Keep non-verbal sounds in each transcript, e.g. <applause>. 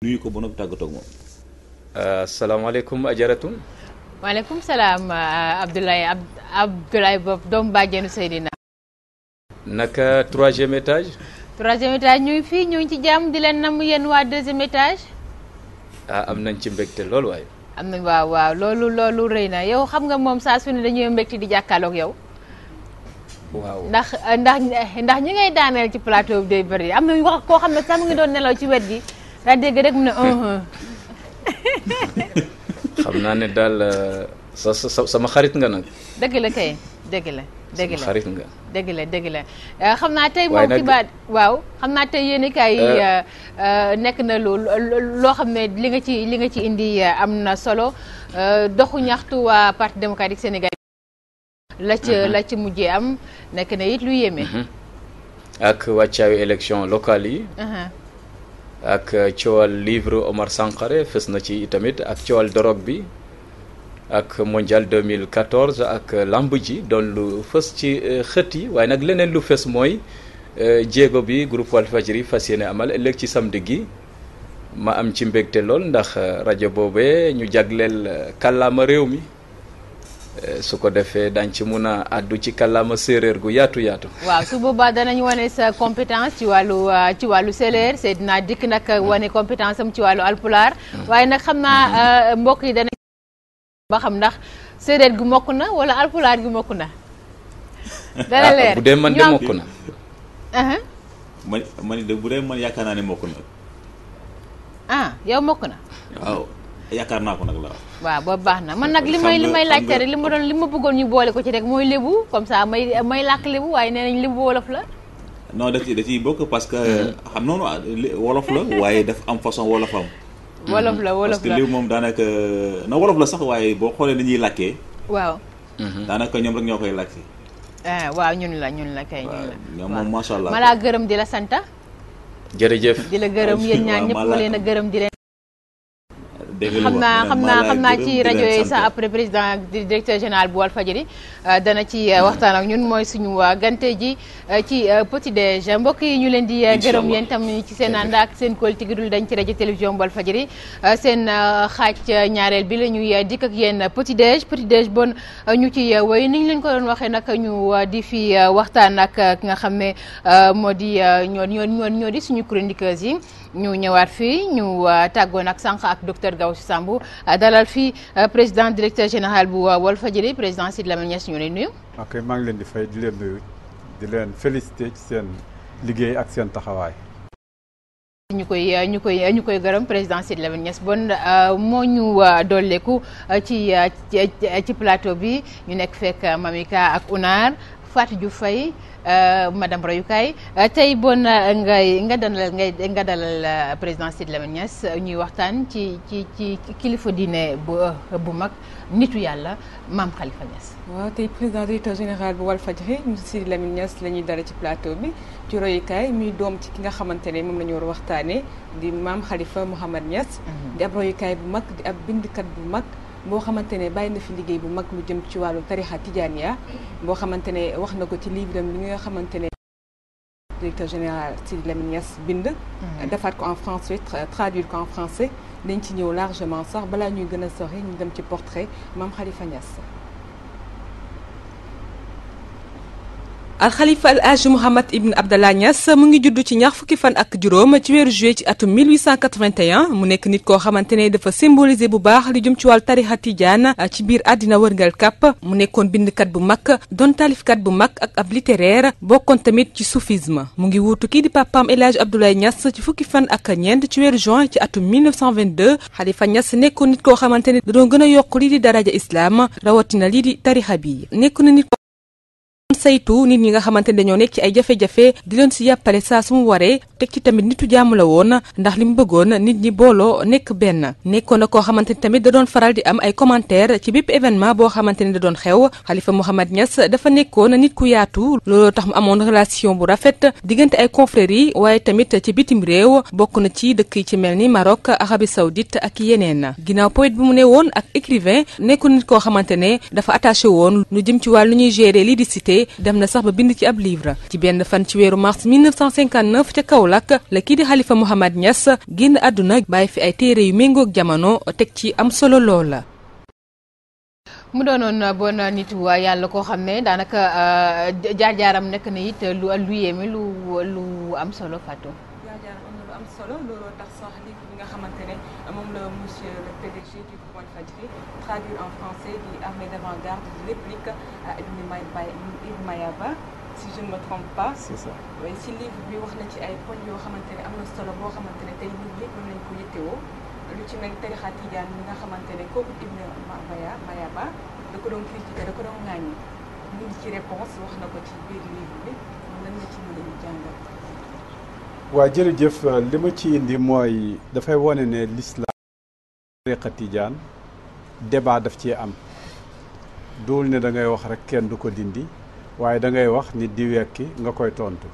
nuyu ko ba noppi tàggatoo ak moom. Euh, asalaamaaleykum ajaratu. waaleykum salaam euh, Abdoulaye Ab Abdoulaye Bob doomu bàjjenu Seydina. naka troisième étage. troisième étage ñu ngi fii ñu ci jàmm di leen namm yenn waa deuxième étage. ah am nañ ci mbégte loolu waaye. am na waaw waaw loolu loolu rëy na yow xam nga moom saa su ne dañuy mbégte di jàkkaarloog yow. waaw ndax ndax ndax ñi ngay daaneel ci plateau bi day am na koo xam ne sax mu ngi doon nelaw ci wet gi. daa dégg rek mu ne uh-huh. <laughs> xam naa ne daal euh, sa sa sama xarit nga nag. dëgg la kay dëgg la. dëgg la xarit nga. dëgg la dëgg la euh, xam naa tey moom xibaar waaw xam naa tey yéen euh. nekk na lu loo xam ne li nga ci li nga ci indi am na solo doxu ñaxtu waa parti démocratique Sénégal. la ca mm-hmm. la ca mujjee am nekk na it lu yéeme. Mm-hmm. ak wàccaayu élection locale yi. Uh-huh. ak coowal livre Omar Sankare fës na ci tamit ak coowal dorog bi ak mondial 2014 ak lamb ji doon lu fës ci euh, xët yi waaye nag leneen lu fës mooy euh, jéego bi groupe Walfadjri fas yéene amal ëllëg ci samedi gi ma am ci mbégte lool ndax euh, rajo boobee ñu jagleel kàllaama réew mi Eh, su ko defee dañ ci mun a addu ci kàllaama séréer gu yaatu yaatu. waaw su boobaa danañ wane sa compétence ci wàllu euh, ci wàllu séeréer naa Dikk nag mm. wane compétence am ci wàllu alpulaar. Mm. waaye nag xam naa mm-hmm. euh, mbokk yi danañ ba xam ndax séeréer gu mokk na wala alpulaar gu mokk na. dana ah, leer bu dee man de mokk na. bu dee man yaakaar naa ne mokk na. ah yow mokk na. waaw yaakaar naa ko nag la waaw boobu baax na man nag li may li may laajte rek li ma doon li ma bëggoon ñu boole ko ci rek mooy lébu comme ça may may làkk lébu waaye nee nañ lébu wolof la non da ci da ciy bokk parce que mm-hmm. xam noonu wolof la waaye daf am façon wolofam <laughs> wolof la wolof la parce moom daanaka na wolof la sax waaye boo xoolee li ñuy làkkee waaw mm-hmm. daanaka ñoom rek ñoo koy làkk si ah, waaw ñun la ñun la kay ñun la ñoom moom macha allah ma laa gërëm di la santa jërëjëf di la gërëm yen ñaa ñëpp ma leen gërëm di leen xam naa xam naa xam naa ci rajo yi sax après président directeur général bu Walfadjri euh, dana ci euh, waxtaan ak ñun mooy suñu euh, gante ji ci petit déj mbokk yi ñu leen di gërëm yéen tam ci seen ànd ak seen kóolute gi dañ ci rajo télévision bu Walfadjri seen xaaj ñaareel bi la ñuy dikk ak yéen petit déj petit déj bon ñu ci woy ni ñu leen ko doon waxee nag ñu di fi waxtaan ak ki nga xam ne moo di ñoo ñoo ñoo di suñu chroniqueurs yi ñu ñëwaat fii ñu euh, tàggoon ak sànq ak docteur Gaoussou Sambou euh, dalal fii euh, président directeur général bu Walfadjri président Sidy Lamine Niass ñu lay nuyu. ok maa leen di fay di nuyu di félicité ci seen liggéey ak seen taxawaay. ñu koy ñu koy ñu koy gërëm président Sidy Lamine Niass bon moo ñu dolleeku ci ci plateau bi ñu nekk fekk Mamika ak Unaar Fatou Diouf Faye euh, madame Royukaay euh, tey bon euh, ngay nga dalal ngay nga dalal président Sidy Lamine Niass ñuy waxtaan ci ci ci kilifa diine bu bu mag nitu yàlla maam Khalifa Niass. waaw tey président directeur général bu Walfadjri Sidy Lamine la ñuy dara ci plateau bi ci royukaay muy doom ci ki nga xamante ne moom la ñu war waxtaanee di maam Khalifa Mouhamad Niass. Mhm. di ab royukaay bu mag di ab bindkat bu mag. boo xamante ne bàyyi na fi liggéey bu mag lu jëm ci wàllu tarixa ya boo xamante ne wax na ko ci livre am li nga xamante ne directeur général ci Lamine Niass bind mm-hmm. defaat ko en français traduire ko en français dañ ci ñëw largement sax balaa ñuy gën a sori ñu dem ci portrait Mame Khalifa Niass al xalifa al age Mouhamad Ibn Abdallah Niass mu ngi juddu ci ñax fukki fan ak juróom ci weeru juillet ci atum 1881 mu nekk nit ko xamante ne dafa symboliser bu baax li jëm ci wàllu tarixa tijaan ci biir àddina wërngal kàpp mu nekkoon bindkat bu mag doon taalifkat bu mag ak ab littéraire bokkoon tamit ci soufisme mu ngi wuutu kii di papaam El Hadj Abdoulaye Niass ci fukki fan ak ñeent ci weeru juin ci atum 1922 xalifa Niass nekkoon nit koo xamante ne da gën a yokk lii di daraja islam rawatina lii di tarixa bi saytu nit ñi nga xamante ne dañoo nekk ci ay jafe-jafe di leen si yàppale saa su mu waree teg ci tamit nitu jàmm la woon ndax li bëggoon nit ñi booloo nekk benn nekkoon na koo ni tamit da doon faral di am ay commentaire ci bépp événement boo xamante ni da doon xew Xalifa Mohamed Niass dafa nekkoon nit ku yaatu looloo tax mu amoon relation bu rafet diggante ay confréries yi waaye tamit ci bitim réew bokk na ci dëkk yi ci mel ni Maroc Arabie Saoudite ak yeneen ginnaaw poète bi mu ne woon ak écrivain nekkoon nit koo xamante loolee dem na sax ba bind ci ab livre ci benn fan ci weeru mars 1959 kaw Kaolack la kii di Xalifa Mohamed Niass génn àdduna bàyyi fi ay téere yu méngook jamono teg ci am solo loola. mu doonoon bon nit waa yàlla koo xam ne daanaka euh, jaar-jaaram nekk na it lu lu yéeme lu am solo Fatou. pas. waaye si livre bi wax na ci ay poñ yoo xamante am na solo boo xamante tey nit ñëpp mën nañ ko yittewoo lu ci mel tarixa tijaan mi nga xamante kooku ibne maya mayaba da ko doon critiqué da ko doon ŋaaññi ñu ngi ci réponse wax na ko ci biir livre bi lan na ci mën a jàngal. waaw jërëjëf li ma ci indi mooy dafay wone ne l'islam tarixa tijaan débat daf cee am duul ne dangay wax rek kenn du ko dindi waaye da ngay wax nit di wekki nga koy tontu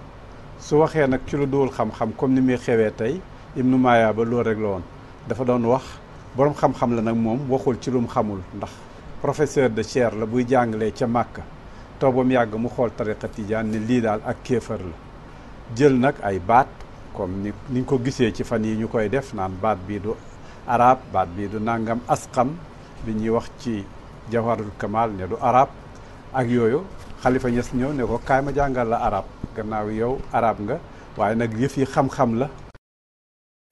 su waxee nag ci lu duwul xam-xam comme ni muy xewee tey ibnu maaya ba loolu rek la woon dafa doon wax borom xam-xam la nag moom waxul ci lum xamul ndax professeur de chaire la buy jàngalee ca màkka taw ba yàgg mu xool tariqa tijaan ne lii daal ak kéefar la jël nag ay baat comme ni niñ ko gisee ci fan yi ñu koy def naan baat bii du arab baat bii du nangam asqam bi ñuy wax ci jawharul kamal ne du arab ak yooyu xalifa ñes ñëw ne ko kaay ma jàngal la arab gannaaw yow araab nga waaye nag yëfi yi xam-xam la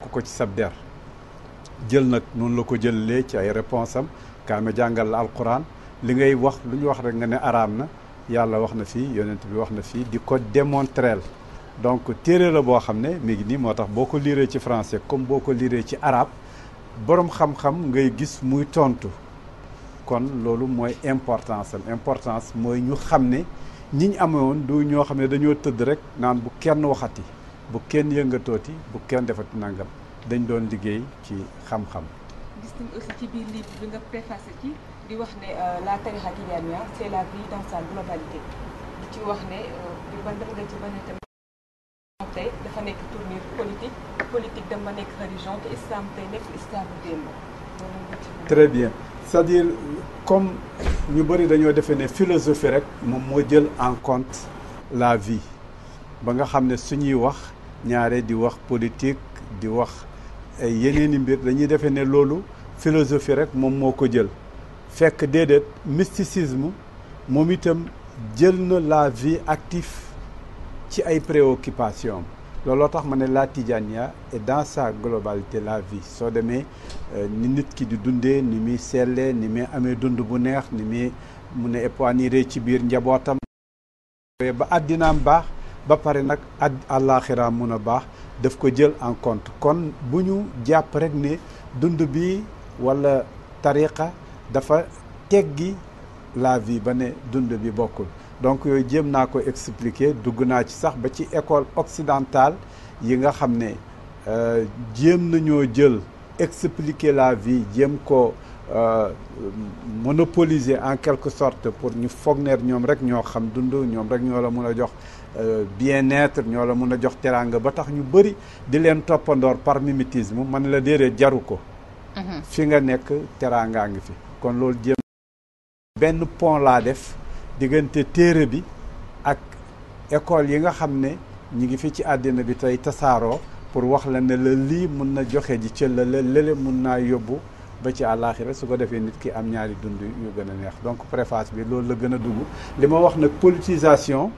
ku ko ci sab der jël nag noonu la ko jëlee ci ay réponse am kaay ma jàngal la alquran li ngay wax lu ñu wax rek nga ne araab na yàlla wax na fii yonent bi wax na fii di ko démontreel donc téere la boo xam ne méegi nii moo tax boo ko liiree ci français comme boo ko liiree ci arab boroom xam-xam ngay gis muy tontu kon loolu mooy importance importance mooy ñu xam ne ñi ñu amoon du ñoo xam ne dañoo tëdd rek naan bu kenn waxati bu kenn yëngatooti bu kenn defati nangam dañ doon liggéey ci xam-xam. ci wax ne euh, la tarixa tijaaniya c'est la vie dans globalité di ci wax ne euh, di dafa nekk tournure politique politique dama nekk religion te islam tey nekk islam démb. très bien. c'est-à-dire comme ñu bëri dañoo defee ne philosophie rek moom moo jël en compte la vie ba nga xam ne suñuy wax ñaare di wax politique di wax ay yeneeni mbir dañuy defee ne loolu philosophie rek moom moo ko jël fekk déedéet mysticisme moom itam jël na la vie active ci ay préoccupation looloo tax ma ne la Tijaniya ya dans sa globalité la vie soo demee euh, ni nit ki di dundee ni muy sellee ni mais amee dund bu neex ni muy mun a épanouir ci biir njabootam. ba àddinaam baax ba pare nag ad àllaaxiraam mun a baax daf ko jël en compte kon bu ñu jàpp rek ne dund bi walla tariqa dafa teggi la vie ba ne dund bi bokkul. donc yooyu jéem naa ko expliquer dugg naa ci sax ba ci école occidentale yi nga xam ne euh, jéem nañoo jël expliquer la vie jéem ko euh, monopoliser en quelque sorte pour ñu foog neer ñoom rek ñoo xam dund ñoom rek ñoo la mun a jox euh, bien-être ñoo la mun a jox teraanga ba tax ñu bëri di leen toppandoor par mimétisme man la déedéet jaru ko mhm. fi nga nekk teraangaa ngi fi kon loolu jéem benn pont laa def diggante téere bi ak école yi nga xam ne ñi ngi fi ci àddina bi tey tasaaroo pour wax la ne la lii mun na joxe ji ci la la lële mun naa yóbbu ba ci àllaaxira su ko defee nit ki am ñaari dund yu gën a neex donc préface bi loolu la gën a dugg li ma wax nag politisation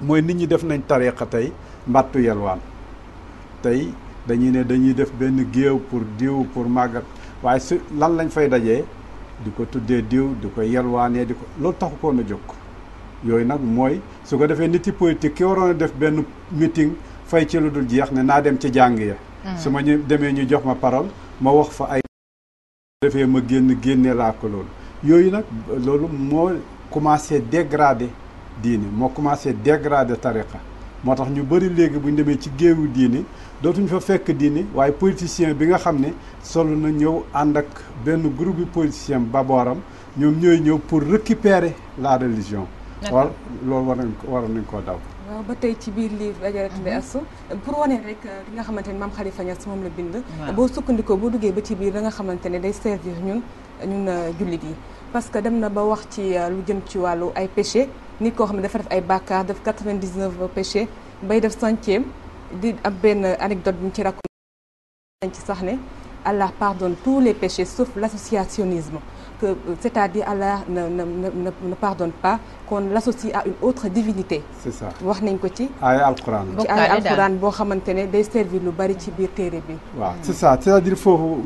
mooy nit ñi def nañ tariqa tey mbàttu yelwaan tey dañuy ne dañuy def benn géew pour diw pour màggat waaye su lan lañ fay dajee di ko tuddee diw di ko yelwaanee di ko loolu taxu koon a jóg yooyu nag mooy su ko defee nit yi politique ki waroon a def benn meeting fay ci lu dul jeex ne naa dem ci jàng ya mm. su ma ñu demee ñu jox ma parole ma wax fa ay defee ma génn génne laa ko loolu yooyu nag loolu moo commencé dégradé diine moo commencé dégradé tariqa moo tax ñu bëri léegi buñ demee ci géewu diine dootuñ fa fekk diini waaye politicien bi nga xam ne solo na ñëw ànd ak benn groupe bi politicien babooram ñoom ñooy ñëw pour récupérer la religion. wal loolu war nañ ko waroon nañ koo daw. waaw ba tey ci biir livre Adjaratou Ndeye Astou pour wane rek euh, li nga xamante ne maam Khalifa Niass moom la bind. boo sukkandikoo boo duggee ba ci biir da nga xamante ne day servir ñun ñun euh, jullit yi. parce que dem na ba wax ci euh, lu jëm ci wàllu ay péché. nit koo xam ne dafa def ay bàkkaar def 99 péché bay def centième di am benn anecdote bu ñu ci raconté ci sax ne Allah pardonne tous les péchés sauf l'associationnisme que euh, c'est-à-dire Allah ne ne ne ne pardonne pas qu'on l'associe autre divinité. c'est ça wax nañ ko ci. ay alquran ci ay alquran boo xamante ne day servir lu bari ci biir téere bi. waaw c'est ça c'est-à-dire foofu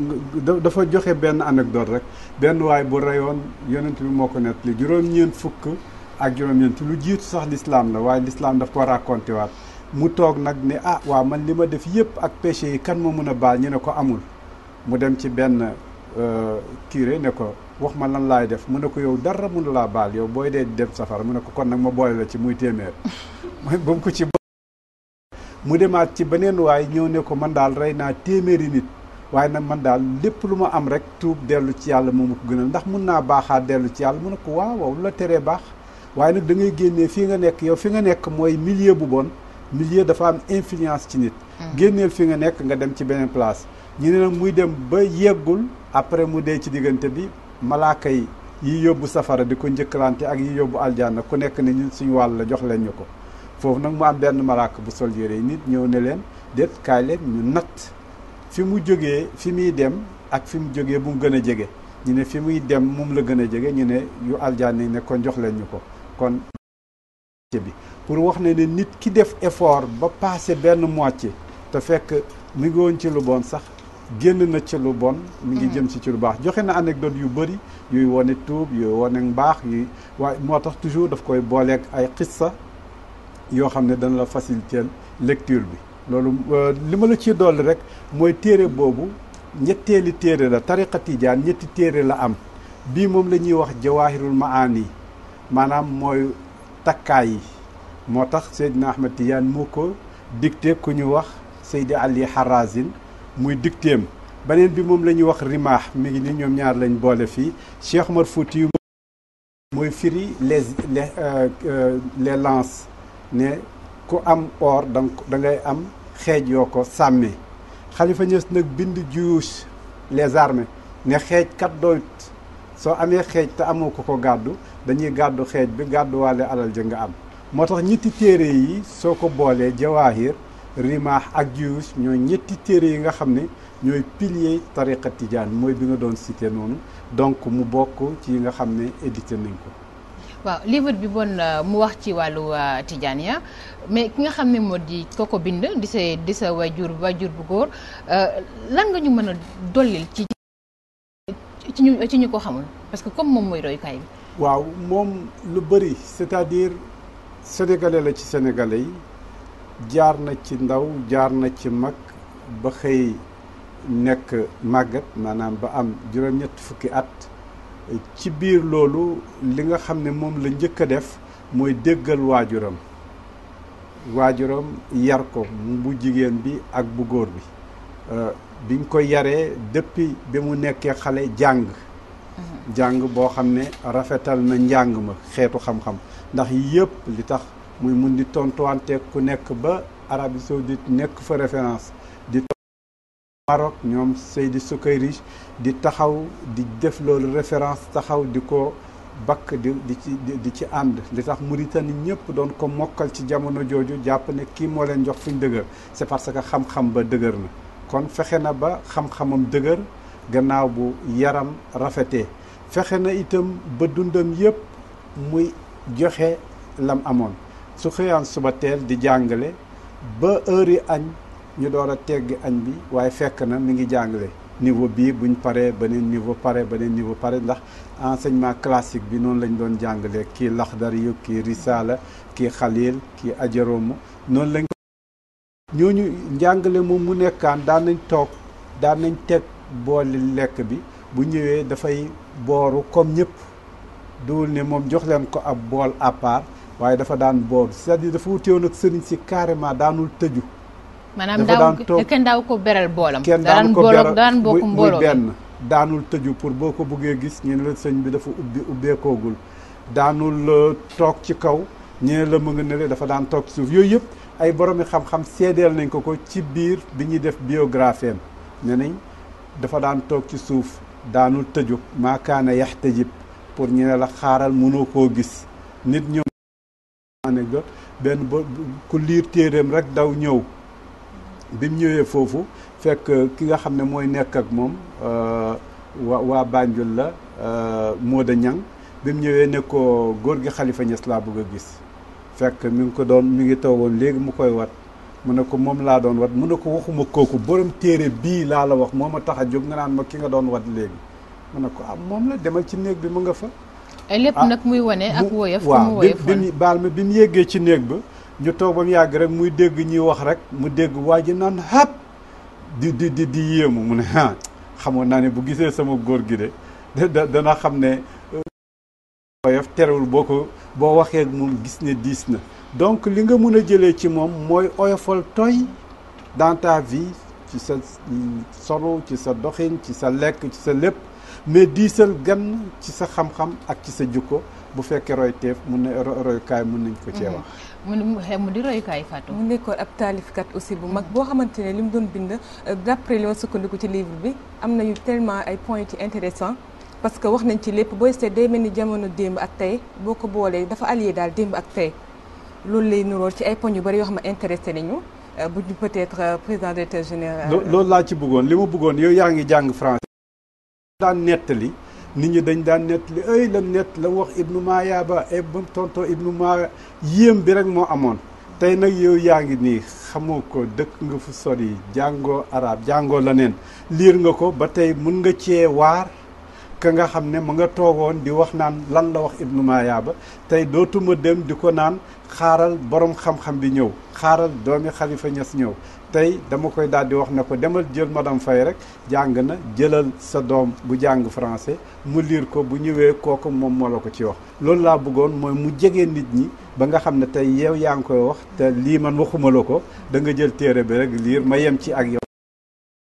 dafa joxe benn anecdote rek benn waay bu reyoon yonent bi moo ko nettali juróom-ñeent fukk. ak juróom ti lu jiitu sax lislaam la waaye lislaam daf ko raconté waat mu toog nag ni ah waaw man li ma def yëpp ak péché yi kan ma mën a baal ñu ne ko amul mu dem ci benn euh, curé ne ko wax ma lan laay def mu ne ko yow dara mënu laa baal yow booy dee dem safara mu ne ko kon nag ma boole la ci muy téeméer <laughs> mu demaat ci beneen waay ñëw ne ko man daal rey naa téeméeri nit waaye nag man daal lépp lu ma am rek tuub dellu ci yàlla moomu ko gënal ndax mun naa baaxaat dellu ci yàlla mu ne ko waaw waaw lu la teree baax waaye nag da ngay génnee fii nga nekk yow fi nga nekk mooy millier bu bon millier dafa am influence ci nit. Hmm. génneel fi nga nekk nga dem ci beneen place. ñi ne nag muy dem ba yeggul après mu dee ci diggante bi malaaka yi yóbbu safara di ko njëkkalante ak yi yóbbu aljanna ku nekk ni ñun suñu wàll la jox leen ñu ko. foofu nag mu am benn malaaka bu sol yére yi nit ñëw ne leen déet kaay leen ñu natt fi mu jógee fi muy dem ak fi mu jógee bu mu gën a jege. ñu ne fi muy dem moom la gën a jege ñu ne yu aljanna yi ne jox leen ñu ko. kon bi pour wax na ne nit ki def effort ba passé benn moitié te fekk mi ngi woon ci lu bon sax génn na ci lu bon mu ngi jëm si ci lu baax joxe na anecdote yu bari yuy wane tuub yuy wane mbaax yuy waaye moo tax toujours daf koy booleek ay xissa yoo xam ne dana la faciliter lecture bi loolu euh, li ma la ci dolli rek mooy téere boobu ñetteeli téere la tariqa tijaan ñetti téere la am bii moom lañuy ñuy wax jawaahirul maani maanaam mooy takkaay yi moo tax Seydina Ahmad tiyaan moo ko dicté ku ñu wax Seydi Ali Harazin muy dictéem beneen bi moom la ñuy wax rimaax mi ngi ni ñoom ñaar lañ boole fii Cheikh Omar Fouti mooy firi les les euh, euh, les lances ne ku am or da da ngay am xeej yoo ko sàmmee Khalifa Niass nag bind jiyuus les armées ne xeej kat doot soo amee xeej te amoo ko ko gàddu dañuy gàddu xeej bi gàdduwaale alal ja nga am moo tax ñetti téere yi soo ko boolee jawaahir rimaax ak juyuus ñooy ñetti téere yi nga xam ne ñooy pilier tariqa tijaan mooy bi nga doon cité noonu donc mu bokk ci yi nga xam ne édité nañ ko waaw livre bi bon euh, mu wax ci wàllu euh, ya mais ki nga xam ne moo di ko ko bind di se di sa waajur waajur bu góor euh, lan nga ñu mën a dollil ci ci ñu ci ñu ko xamul parce que comme moom mooy royukaay bi. waaw moom lu bari c'est-à-dire la ci senegale yi jaar na ci ndaw jaar na ci mag ba xëy nekk màggat maanaam ba am juróom-ñett fukki at ci biir loolu li nga xam ne moom la njëkk a def mooy déggal waajuram waajuram yar ko bu jigéen bi ak bu góor bi euh, biñ ko yaree depuis bi mu nekkee xale jàng jàng boo xam ne rafetal na njàng ma xeetu xam-xam ndax yëpp li tax muy mun di tontuwante ku nekk ba Arabie Saoudite nekk fa référence di Maroc ñoom Seydi Sukayrij di taxaw di def loolu référence taxaw di ko bakk di di ci di ci ànd li tax Mauritanie ñëpp doon ko mokkal ci jamono jooju jàpp ne kii moo leen jox fuñ dëgër c'est parce que xam-xam ba dëgër na kon fexe na ba xam-xamam dëgër gannaaw bu yaram rafetee fexe na itam ba dundam yépp muy joxe lam amoon su xëyaan suba teel di jàngale ba heure yi añ ñu door a tegg añ bi waaye fekk na mi ngi jàngale niveau bii buñ paree beneen niveau pare beneen niveau pare ndax enseignement classique bi noonu lañ doon jàngale kii laxdar yu kii risaala kii xalil kii ajaromu noonu lañ ñooñu njàngale moom mu nekkaan daan nañ toog daan nañ teg booli lekk bi bu ñëwee dafay booru comme ñëpp duwul ne moom jox leen ko ab bool à part waaye dafa daan booru c'est-à-dire dafa wuteewoon ak sëriñ si carrément daanul tëju. maanaam daaw kenn daaw ko beral boolam. kenn daan ko beral daan bokk mbooloo benn daanul tëju pour boo ko buggee gis ñu la sëñ bi dafa ubbi ubbeekoogul daanul euh, toog ci kaw ñu la mu nga ne dafa daan toog ci suuf yooyu yëpp. ay boroomi xam-xam seedeel nañ ko ko ci biir bi ñuy def biographie am dafa daan toog ci suuf daanul tëju yax yaxtajib pour ñu ne la xaaral mënoo ko gis nit ñoom anecdote benn ba ku liir téeréem rek daw ñëw bi ñëwee foofu fekk ki nga xam ne mooy nekk ak moom euh, wa waa Banjul la euh, Modou Niang bi mu ñëwee ne góor gi xalifa Niass laa bëgg a gis fekk mi ngi ko doon mi ngi taw woon léegi mu koy wat mu ne ko moom laa doon wat mun ne ko waxuma kooku borom téere bii laa la wax moo ma tax a jóg nga naan ma ki nga doon wat léegi mu ne ko am ah, moom la demal ci néeg bi mu nga fa. ay eh, lépp ah, nag muy wane ak woyof. waaw bi mu baal ma bi mu yéggee ci néeg ba ñu toog ba mu yàgg rek muy dégg ñuy wax rek mu dégg waa ji naan hap di di di di yéemu mu ne ah xamoon naa ne bu gisee sama góor gi de da dana xam ne woyof terewul boo ko. boo waxee ak moom gis ne diis na donc li nga mun a jëlee ci moom mooy oyofal toy dans ta vie ci sa solo ci sa doxin ci sa lekk ci sa lépp mais diisal gan ci sa xam-xam ak ci sa jukko bu fekkee roy teef mun na royukaay mun nañ ko cee wax mm-hmm. mu di royukaay Fatou mu nekkoon ab taalifkat aussi bu mag boo xamante ne li mu doon bind euh, d'après li ma sukkandiku ci livre bi am na yu tellement ay point ci intéressant parce que wax nañ ci lépp booy seet day mel ni jamono démb ak tey boo ko boolee dafa allié daal démb ak tey loolu lay nurool ci ay poñ yu bari yoo xam ne intéressé nañu euh, bu ñu peut-être euh, président directeur général. loolu laa ci bëggoon li ma bëggoon yow yaa ngi jàng français. daan nettali nit ñi dañ daan nettali ay la nett la wax ibnu Maaya ba ay eh, ba tonton ibnu Maaya yéem bi rek moo amoon. tey nag yow yaa ngi nii xamoo ko dëkk nga fu sori jàngoo arab jàngoo leneen liir nga ko ba tey mën nga cee waar. ka nga xam ne mu nga toogoon di wax naan lan la wax ibnu Maayaaba tey dootuma dem di ko naan xaaral boroom xam-xam bi ñëw xaaral doomi xalifa ñas ñëw tey dama koy daal di wax ne ko demal jël madame Faye rek jàng na jëlal sa doom bu jàng français mu liir ko bu ñëwee kooku moom moo la ko ci wax loolu laa bëggoon mooy mu jege nit ñi ba nga xam ne tey yow yaa ngi koy wax te lii man waxuma la ko danga jël téere bi rek liir ma yem ci ak yow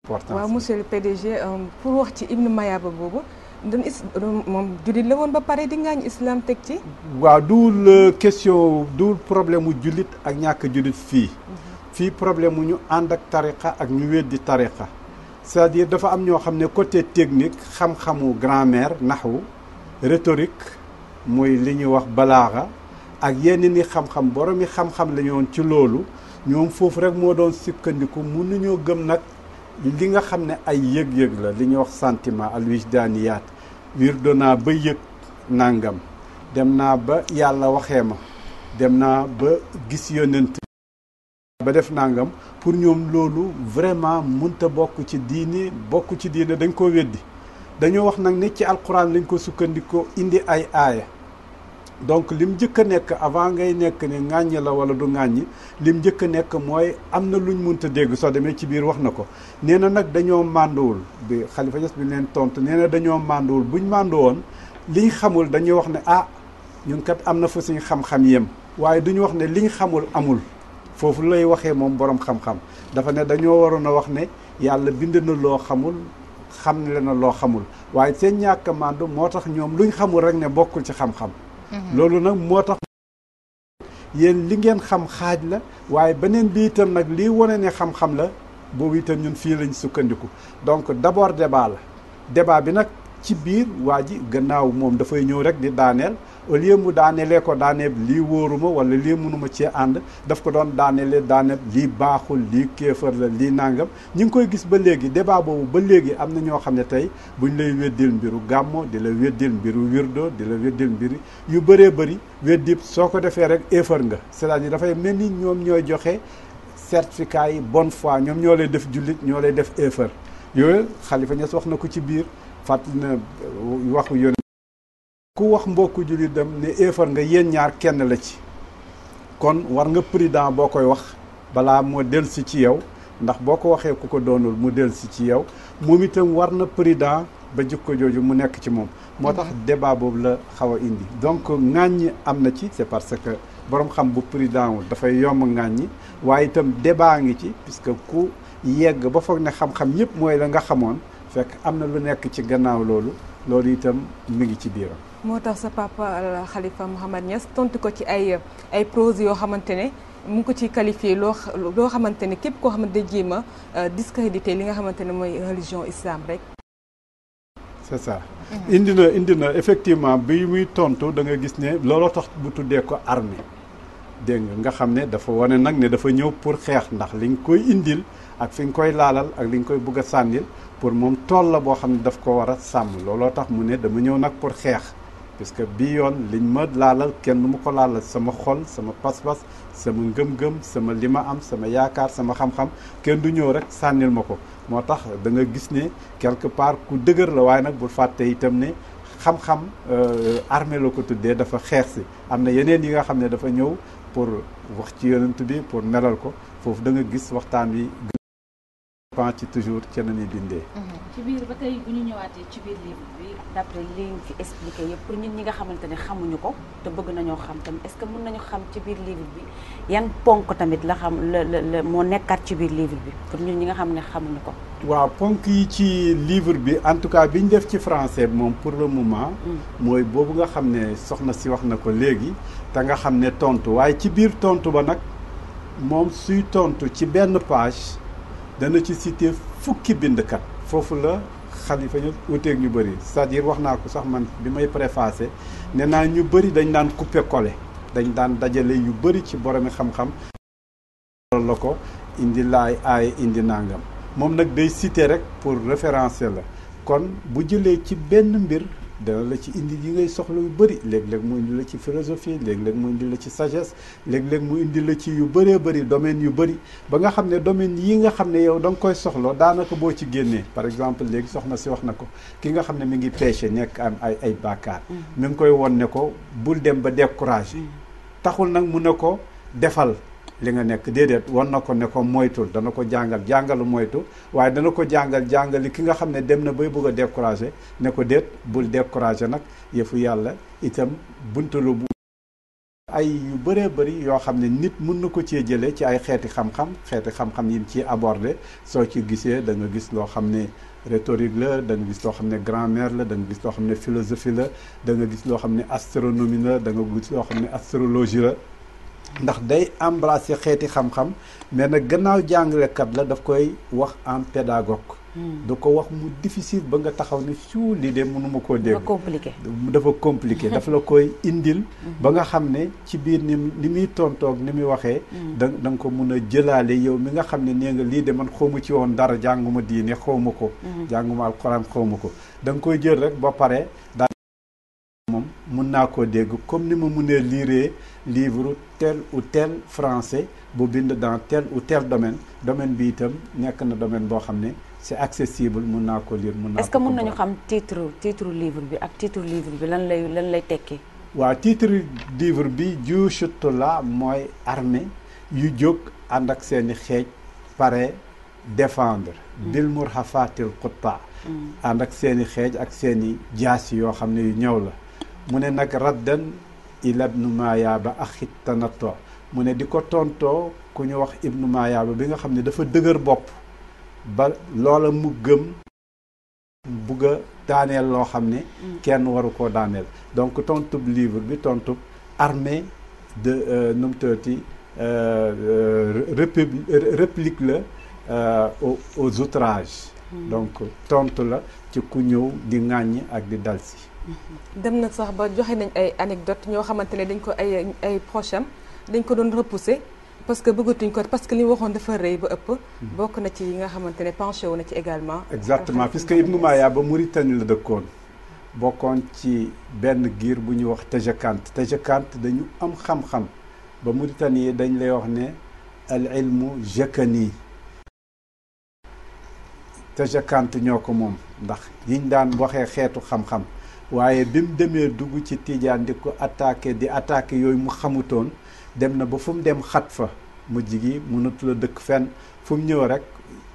euh, ci Ibn Mayaba boobu dañu is moom jullit la woon ba pare di ngaañ islam teg ci. waaw duwul euh, question duwul problème mu jullit ak ñàkk jullit fii. Mhm. fii problème mu ñu ànd ak tariqa ak ñu weddi tariqa. cest à dafa am ñoo xam ne côté technique xam-xamu grammaire naxwu rhétorique muy li ñuy wax balaaxa ak yenn ni xam-xam boromi xam-xam la ci loolu ñoom foofu rek moo doon sukkandiku mënuñoo gëm nag li nga xam ne ay yëg-yëg la li ñuy wax santiment al wijdaaniyaat wirdo naa ba yëg nangam dem naa ba yàlla waxee ma dem naa ba gis yonent ba def nangam pour ñoom loolu vraiment munta bokk ci diini bokk ci diine dañ ko weddi dañoo wax nag ne ci alxuraan lañ ko sukkandikoo indi ay aaya donc lim njëkk a nekk avant ngay nekk ne ŋàññi la wala du ŋàññi lim njëkk a nekk mooy am na lu ñu munta dégg soo demee ci biir wax na ko nee na nag dañoo mànduwul bi xalifa Ñas bi neen tontu nee na dañoo mànduwul ñu màndu woon liñ xamul dañuy wax ne ah ñun am na fu suñ xam-xam waaye duñu wax ne liñ xamul amul foofu lay waxee moom borom xam-xam dafa ne dañoo waroon a wax ne yàlla bind na loo xamul xam le na loo xamul waaye seen ñàkk a màndu moo tax ñoom luñ xamul rek ne bokkul ci xam-xam Mhm. loolu nag moo tax yéen li ngeen xam xaaj la waaye beneen bi itam nag lii wane ne xam-xam la boobu itam ñun fii lañ sukkandiku donc d'abord débat la débat bi nag ci biir waa ji gannaaw moom dafay ñëw rek di daaneel au lieu mu daanelee ko daaneeb lii wóoruma wala lii mënuma cee ànd daf ko doon daanelee daaneeb lii baaxul lii kéefar la lii nangam ñi ngi koy gis ba léegi débat boobu ba léegi am na ñoo xam ne tey bu ñu lay weddil mbiru gàmmoo di la weddil mbiru wirdo di la weddil mbiri yu bëree bëri weddi soo ko defee rek éefar nga c'est-à-dire dafay mel ni ñoom ñooy joxe certificat yi bonne foi ñoom ñoo lay def jullit ñoo lay def éefar yooyu Xalifa Ñas wax na ko ci biir fàttali na euh, waxu ku wax li dem ne éefar nga yéen ñaar kenn la ci kon war nga prudent boo koy wax balaa moo delsi ci yow ndax boo ko waxee ku ko doonul mu delsi ci yow moom itam war na prudent ba jikko jooju mu nekk ci moom moo tax débat boobu la xaw a indi donc ñi am na ci c'est parce que borom xam bu prudent wul dafay yomb ñi waaye itam débat ngi ci puisque ku yegg ba foog ne xam-xam yëpp mooy la nga xamoon fekk am na lu nekk ci gannaaw loolu loolu itam mu ngi ci biiram moo tax sa papa al Khalifa Mohamed Niass tontu ko ci ay ay prose yoo xamante ne mu ngi ko ci qualifié loo loo xamante ne képp koo xamante ne jéem a euh, discrédité li nga xamante ne mooy religion islam rek. c'est ça. Mm-hmm. indi na indi na effectivement bi muy tontu da nga gis ne looloo tax bu tuddee ko armée dégg nga xam ne dafa wane nag ne dafa ñëw pour xeex ndax li nga koy indil ak fi nga koy laalal ak li nga koy bëgg a sànnil pour moom tool la boo xam ne daf ko war a sàmm looloo tax mu ne dama ñëw nag pour xeex. puisque bii yoon liñ ma laalal kenn mu ko laalal sama xol sama pas-pas sama ngëm-ngëm sama li am sama yaakaar sama xam-xam kenn du ñëw rek sànnil ma ko moo tax da nga gis ne quelque part ku dëgër la waaye nag bul fàtte itam ne xam-xam euh, armée la ko tuddee dafa xeex si am na yeneen yi nga xam ne dafa ñëw pour wax ci yonent bi pour melal ko foofu da gis waxtaan wi pan ci toujours ci na ñuy dindee. Mhm. ci biir ba tey bu ñu ñëwaatee ci biir livre bi d'après li ñi nga xamante ne xamuñu ko te bëgg nañoo xam tamit est-ce que mën nañu xam ci biir livre bi yan ponk tamit la xam la la moo nekkaat ci biir livre bi pour ñun ñi nga xam ne xamuñu ko. waaw ponk yi ci livre bi en tout cas bi ñu def ci français moom pour le moment. Mm. mooy boobu nga xam ne soxna si wax na ko léegi te nga xam ne tontu waaye ci biir tontu ba nag moom suy tontu ci benn page. dana ci cité fukki bindkat foofu la xalifa ñu wuteeg ñu bari cest dire wax naa ko sax man bi may préfacé ne naa ñu bari dañ daan coupé collé dañ daan dajale yu bari ci boromi xam-xam la ko indi laay aay indi nangam moom nag day cité rek pour référencer la kon bu jëlee ci benn mbir dana la ci indi yi ngay soxla yu bëri léeg-léeg mu indi la ci philosophie léeg-léeg mu indi la ci sagesse léeg-léeg mu indi la ci yu bëree bëri domaine yu bëri ba nga xam ne domaine yi nga xam ne yow da nga koy soxla daanaka boo ci génnee par exemple léegi soxna si wax na ko ki nga xam ne mu ngi péché nekk am ay ay bàkkaar mm. mi ngi koy won ne ko bul dem ba découragé mm. taxul nag mu ne ko defal li nga nekk déedéet wan na ko ne ko moytul dana ko jàngal jàngalu moytu waaye dana ko jàngal jàngali ki nga xam ne dem na bay bëgg a découragé ne ko déet bul découragé nag yëfu yàlla itam buntalu bu ay yu bëree bëri yoo xam ne nit mën na ko cee jëlee ci ay xeeti xam-xam xeeti xam-xam yi ci abordé soo ci gisee da nga gis loo xam ne rhétorique la da nga gis loo xam ne grammaire la da nga gis loo xam ne philosophie la da nga gis loo xam ne astronomie la da nga gis loo xam ne astrologie la ndax day embrasser xeeti xam-xam mais nag gannaaw jàngalekat la daf koy wax en pédagogue hmm. da ko wax mu difficile ba nga taxaw ne suu lii de mënuma koo dégg dafa compliqué dafa <laughs> la koy indil hmm. ba nga xam ne ci biir ni ni muy tontoog ni muy waxee da hmm. da ko mën a jëlaale yow mi nga xam ne nee nga lii de man xawma ci woon dara jànguma diine ma ko jànguma alxuraan ma ko danga koy jël rek ba pare daal moom mun naa koo dégg comme ni ma munee liiree livre tel ou tel français bu bind dans tel u tel domaine domaine bi itam nekk na domaine boo xam ne c'est accessible mun naa ko lire mun naa ko est-ce que mun nañu xam titre titre livre bi ak titre livre bi lan lay tekkee waa tekki waaw titre livre bi Juushatullaa mooy armée yu jóg ànd ak seeni xeej pare défendre hmm. bil murhafatil qutta hmm. ànd ak seeni xeej ak seeni jaas yoo xam ne yu ñëw la mu ne nag raddan ila ibnu maayaaba axit tanatto mu ne di ko tontoo ku ñu wax ibnu maayaaba bi nga xam ne dafa dëgër bopp ba loola mu gëm bugg daaneel loo xam ne mm. kenn waru koo daaneel donc tontub livre bi tontub armée de euh, num tati euh, euh réplique la euh, aux, aux mm. donc tontu la ci ku ñëw di ŋàññ ak di dalsi dem na sax ba joxe nañ ay anecdote ñoo xamante ne dañ ko ay ay proche dañ ko doon repousser parce que bëggatuñ ko parce que li waxoon dafa rëy ba ëpp hmm. bokk na ci yi nga xamante ne penché wu na ci également exactement puisque Ibn Maya ba Mauritanie la dëkkoon bokkoon ci benn giir bu ñuy wax Tejakant Tejakant dañu am xam-xam ba Mauritanie dañ lay wax ne al ilmu jakani Tejakant ñoo ko moom ndax yiñ daan waxee xeetu xam-xam waaye bi mu demee dugg ci tiijaan di ko attaqué di attaque yooyu mu xamutoon dem na ba fu mu dem xat fa mujj gi mënatul a dëkk fenn fu mu ñëw rek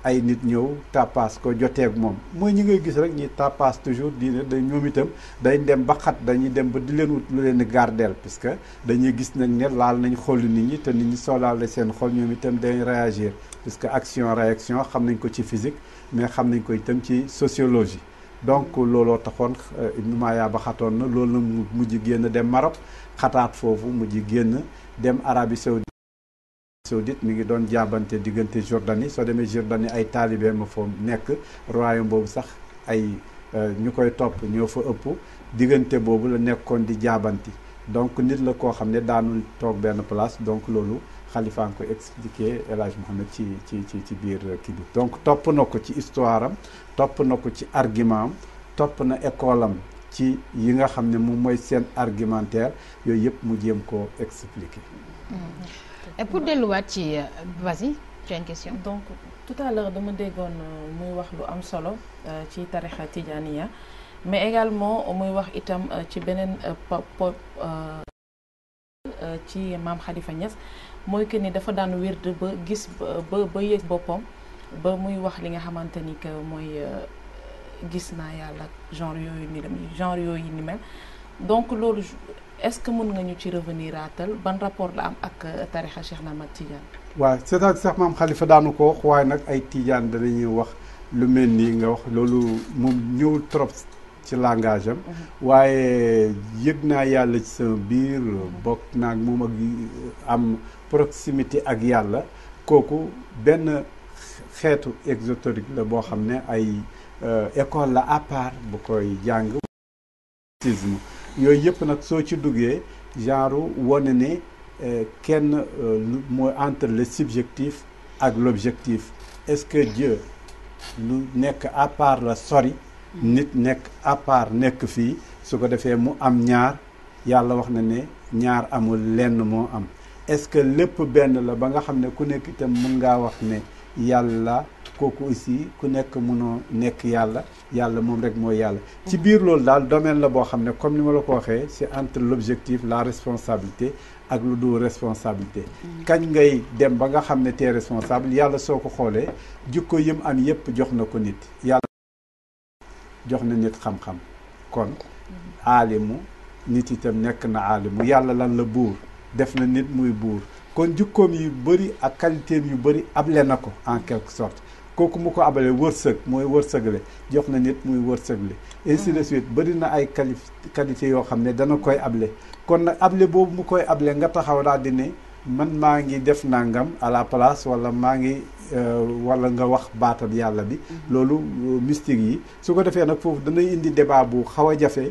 ay nit ñëw tapas ko joteeg moom mooy ñu ngay gis rek ñi tapas toujours di ne da ñoom itam dañ dem ba xat dañuy dem ba di leen wut lu leen gardeel parce que dañuy gis nañ ne laal nañ xolu nit ñi te nit ñi solaale seen xol ñoom itam dañ réagir parce que action réaction xam nañ ko ci physique mais xam nañ ko itam ci sociologie donc looloo taxoon euh, Ibn ba xatoon na loolu nag mu mujj génn dem Maroc xataat foofu mujj génn dem Arabie Saoudite mu ngi doon jaabante diggante Jordanie soo demee Jordanie ay taalibe ma fa nekk royaume boobu sax ay euh, ñu koy topp ñoo fa ëpp diggante boobu la nekkoon di jaabanti donc nit la koo xam ne daanul toog benn place donc loolu xalifaa nga ko expliqué El Hadj ci ci ci ci biir kii donc topp na ko ci histoire am topp na ko ci argument am topp na école am ci yi nga xam ne moom mooy seen argumentaire yooyu yëpp mu jéem ko expliqué. Mm-hmm. et pour delluwaat ci vas-y tu donc tout à dama déggoon euh, muy wax lu am solo euh, ci tarixa ya mais également muy wax itam euh, ci beneen po ci maam Khalifa Niass. mooy que ni dafa daan wérd ba gis ba ba yëg boppam ba muy wax li nga xamante ni que mooy euh, gis naa yàlla genre yooyu ni dem mel donc loolu est-ce que mën nga ñu ci revenir atal ban rapport la am ak euh, tarixa na Ahmad Tidiane waaw c'est-à-dire sax maam xalifa daanu ko wax waaye nag ay Tidiane danañuy wax lu mel nii nga wax loolu mu ñëw trop ci langage mhm. waaye yëg naa yàlla ci sama biir bokk naa ak moom am proximité ak yàlla kooku benn xeetu exotérique la boo xam ne ay euh, école la à part bu koy jàng bouddhisme yooyu yëpp nag soo ci duggee genre wone ne euh, kenn euh, mooy entre le subjectif ak l'objectif est-ce que Dieu lu nekk à la sori nit nekk à nekk fii su ko defee mu am ñaar yàlla wax na ne ñaar amul lenn moo am est-ce que lépp benn la ba nga xam ne ku nekk itam mën ngaa wax ne yàlla kooku aussi ku nekk mënoo nekk yàlla yàlla moom rek mooy yàlla ci biir loolu daal domaine la boo xam ne comme ni ma la ko waxee c'est entre l'objectif la responsabilité ak lu dul responsabilité mm. kañ ngay dem ba nga xam ne te responsable yàlla soo ko xoolee jikko yim am yépp jox na ko nit yàlla jox na nit xam-xam kon mm. aalimu nit itam nekk na aalimu yàlla lan la buur def na nit muy buur kon jukkoom yi bëri ak qualité yu bëri able na ko en quelque sort kooku mu ko abale wërsëg mooy wërsëgle jox na nit muy wërsëgle ainsi de mm-hmm. suite bëri na ay quali qualité yoo xam ne dana koy able kon nag able boobu mu koy able nga taxaw daal di ne man maa ngi def nangam à la place wala maa ngi euh, wala nga wax baatab yàlla bi mm-hmm. loolu euh, mystique yi su ko defee nag foofu danay indi débat bu xaw a jafe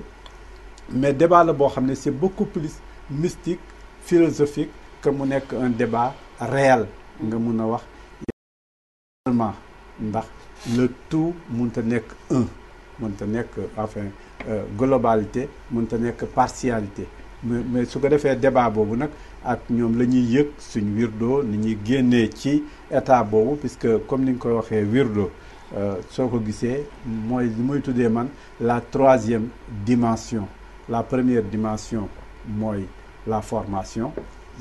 mais débat la boo xam ne c'est beaucoup plus mystique philosophique que mu nekk un débat réel nga mun a wax réellement ndax le tout munta nekk un munta nekk enfin euh, globalité munta nekk partialité mais su ko defee débat boobu nag ak ñoom la ñuy yëg suñ wirdo ni ñuy génnee ci état boobu puisque comme ni nga koy waxee wirdo euh, soo ko gisee mooy li muy tuddee man la troisième dimension la première dimension mooy la formation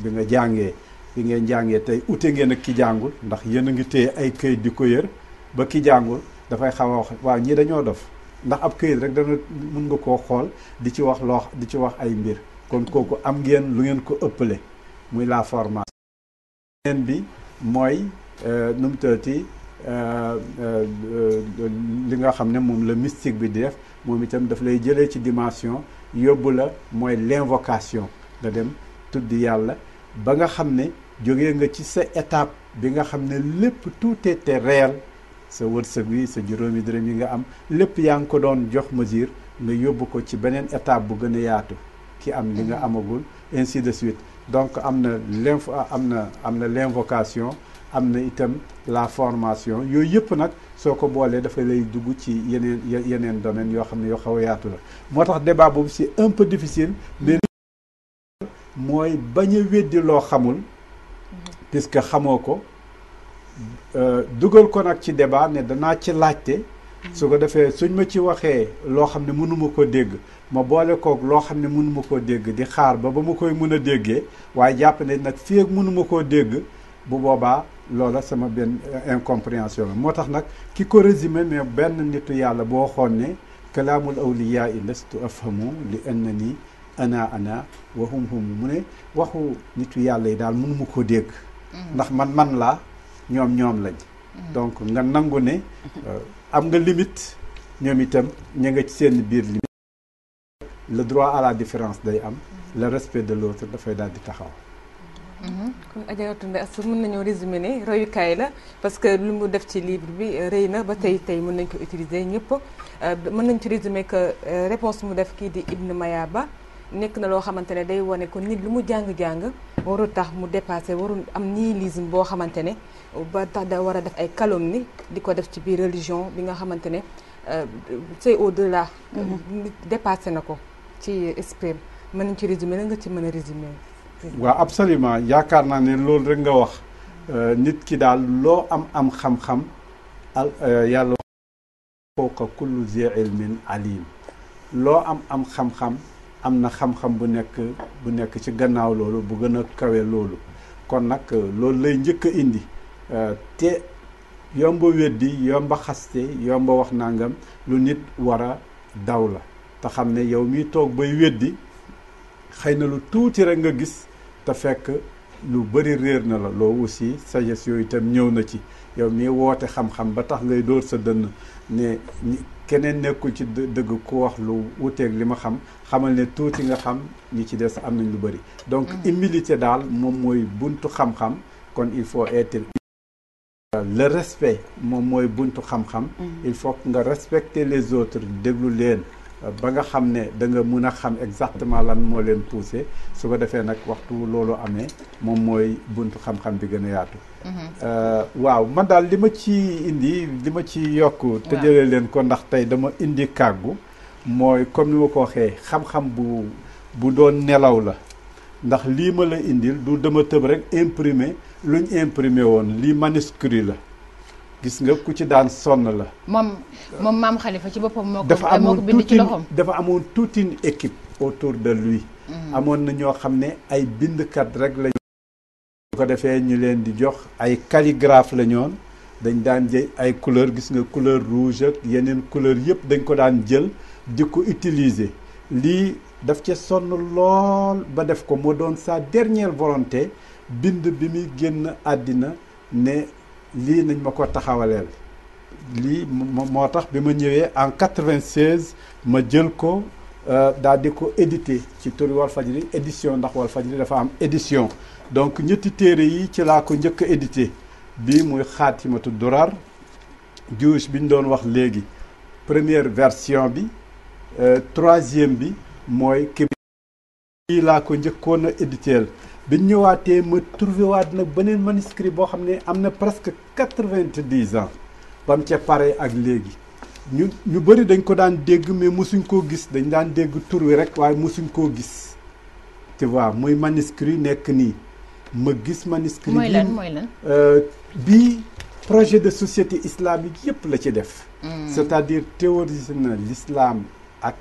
bi nga jàngee fi ngeen jàngee tey ute ngeen ak ki jàngul ndax yéen a ngi téye ay këyit di ko yër ba ki jàngul dafay xaw a wax waaw ñii dañoo dof ndax ab këyit rek dana mun nga koo xool di ci wax loo di ci wax ay mbir kon kooku am ngeen lu ngeen ko ëppale muy la formation ngeen bi mooy euh, nu mu euh, euh, li nga xam ne moom la mystique bi di moom itam daf lay jëlee ci dimension yóbbu la mooy l'invocation nga dem tuddi yàlla ba nga xam ne jógee nga ci sa étape bi nga xam ne lépp tout était réel sa wërsëg wi sa juróomi dërëm yi nga am lépp yaa ngi ko doon jox mesure nga yóbbu ko ci beneen étape bu gën a yaatu ki am li nga amagul ainsi de suite donc am na l'info am na am na l'invocation am na itam la formation yooyu yëpp nag soo ko boolee dafa lay dugg ci yeneen yeneen domaine yoo xam ne yoo xaw yaatu la moo tax débat boobu c'est un peu difficile mooy bañ a loo xamul puisque xamoo ko euh, dugal ko nag ci débat ne danaa ci laajte su ko defee suñ ma ci waxee loo xam ne mënuma koo dégg ma boole koog loo xam ne mënuma koo dégg di xaar ba ba ma koy mën a déggee waaye jàpp ne nag fii ak mënuma koo dégg bu boobaa loola sama benn incompréhension la moo tax nag ki ko résumé mais benn nitu yàlla boo xoon ne kalaamul awliyaa i lastu afhamu li anna nii ana ana wa hum hum mu ne waxu nitu yàlla yi daal mënu mu ko dégg mm-hmm. ndax man man la ñoom ñoom lañ mm-hmm. donc nga nangu ne mm-hmm. am nga limite ñoom itam ñu nga ci seen biir limite le droit à la différence day am le respect de l'autre dafay daal di taxaw kon Adjaratou Ndeye Astou nañoo résumer ne royukaay la parce que lu mu def ci livre bi euh, rey na ba tey tey mën nañ ko utiliser ñëpp euh, mën nañ ci résumer que euh, réponse mu def kii di Ibn Mayaba nekk na loo xamante ne day wane kon nit lu mu jàng-jàng warul tax mu dépassé warul am nihilisme boo xamante ne ba tax da war a def ay calomnie di ko def ci biir religion bi nga xamante ne euh, c'est au-delà mm-hmm. nit dépassé na ko ci esprit mën nañ ci résumé la nga ci mën a résumé waaw absolument yaakaar naa ne loolu rek nga wax euh, nit ki daal loo am am xam-xam al euh, yàlla fooka kullu zi ilmin alim loo am am xam-xam am na xam-xam bu nekk bu nekk ci gannaaw loolu bu gën a kawe loolu kon nag euh, loolu lay njëkk a indi euh, te yomba weddi yomba xaste yomba wax nangam lu nit wara daw la te xam ne yow mi toog bay weddi xëy na lu tuuti rek nga gis te fekk lu bari réer na la loolu aussi sagesse yooyu itam ñëw na ci yow mi woote xam-xam ba tax ngay dóor sa dënn ne keneen nekkul ci dëgg ku wax lu wuuteeg li ma xam xamal ne tuuti nga xam ñi ci des am nañ lu bëri donc mm. humilité daal moom mooy buntu xam-xam kon il faut être le respect moom mooy buntu xam-xam mm. il faut que nga respecter les autres déglu leen ba nga xam ne da nga mun a xam exactement lan moo leen poussé su ko defee nag waxtu looloo amee moom mooy buntu xam-xam bi gën a yaatu Euh, waaw man daal li ma ci indi li ma ci yokk te jëlee leen ko ndax tey dama indi kàggu mooy comme ni ma ko waxee xam-xam bu bu doon nelaw la ndax lii ma la indil du dama tëb rek imprimer luñ imprimer woon lii manuscrit la gis nga ku ci daan sonn la. moom moom maam Khalifa ci boppam moo ko. dafa amoon tuuti dafa amoon tuuti une équipe autour de lui. Mm-hmm. amoon na ñoo xam ne ay bindkat rek la bu ko defee ñu leen di jox ay calligraphe lañoon dañ daan jël ay couleur gis nga couleur rouge ak yeneen couleur yëpp dañ ko daan jël di ko utiliser lii daf ca sonn lool ba def ko moo doon sa dernière volonté bind bi muy génn àddina ne lii nañ ma ko taxawaleel lii moo tax bi ma ñëwee en 96 ma jël ko euh, daal di ko édité ci turu Walfadjri édition ndax Walfadjri dafa am édition donc ñetti téere yi ci laa ko njëkk a bi bii muy xaatimatu durar juus bi ñu doon wax léegi première version bi euh, troisième bi mooy kibir yi laa ko njëkkoon a éditeel bi ñëwaatee ma trouvé waat na beneen manuscrit boo xam ne am na presque quatre-vingt-dix ans ba mu ca pare ak léegi ñu ñu bëri dañ ko daan dégg mais mosuñ koo gis dañ daan dégg tur wi rek waaye mosuñ koo gis tu vois muy manuscrit nekk nii ma gis manuscrit mooy lan euh, bi projet de société islamique yëpp la ci def hmm. c'est-à-dire théorisé na l'islam ak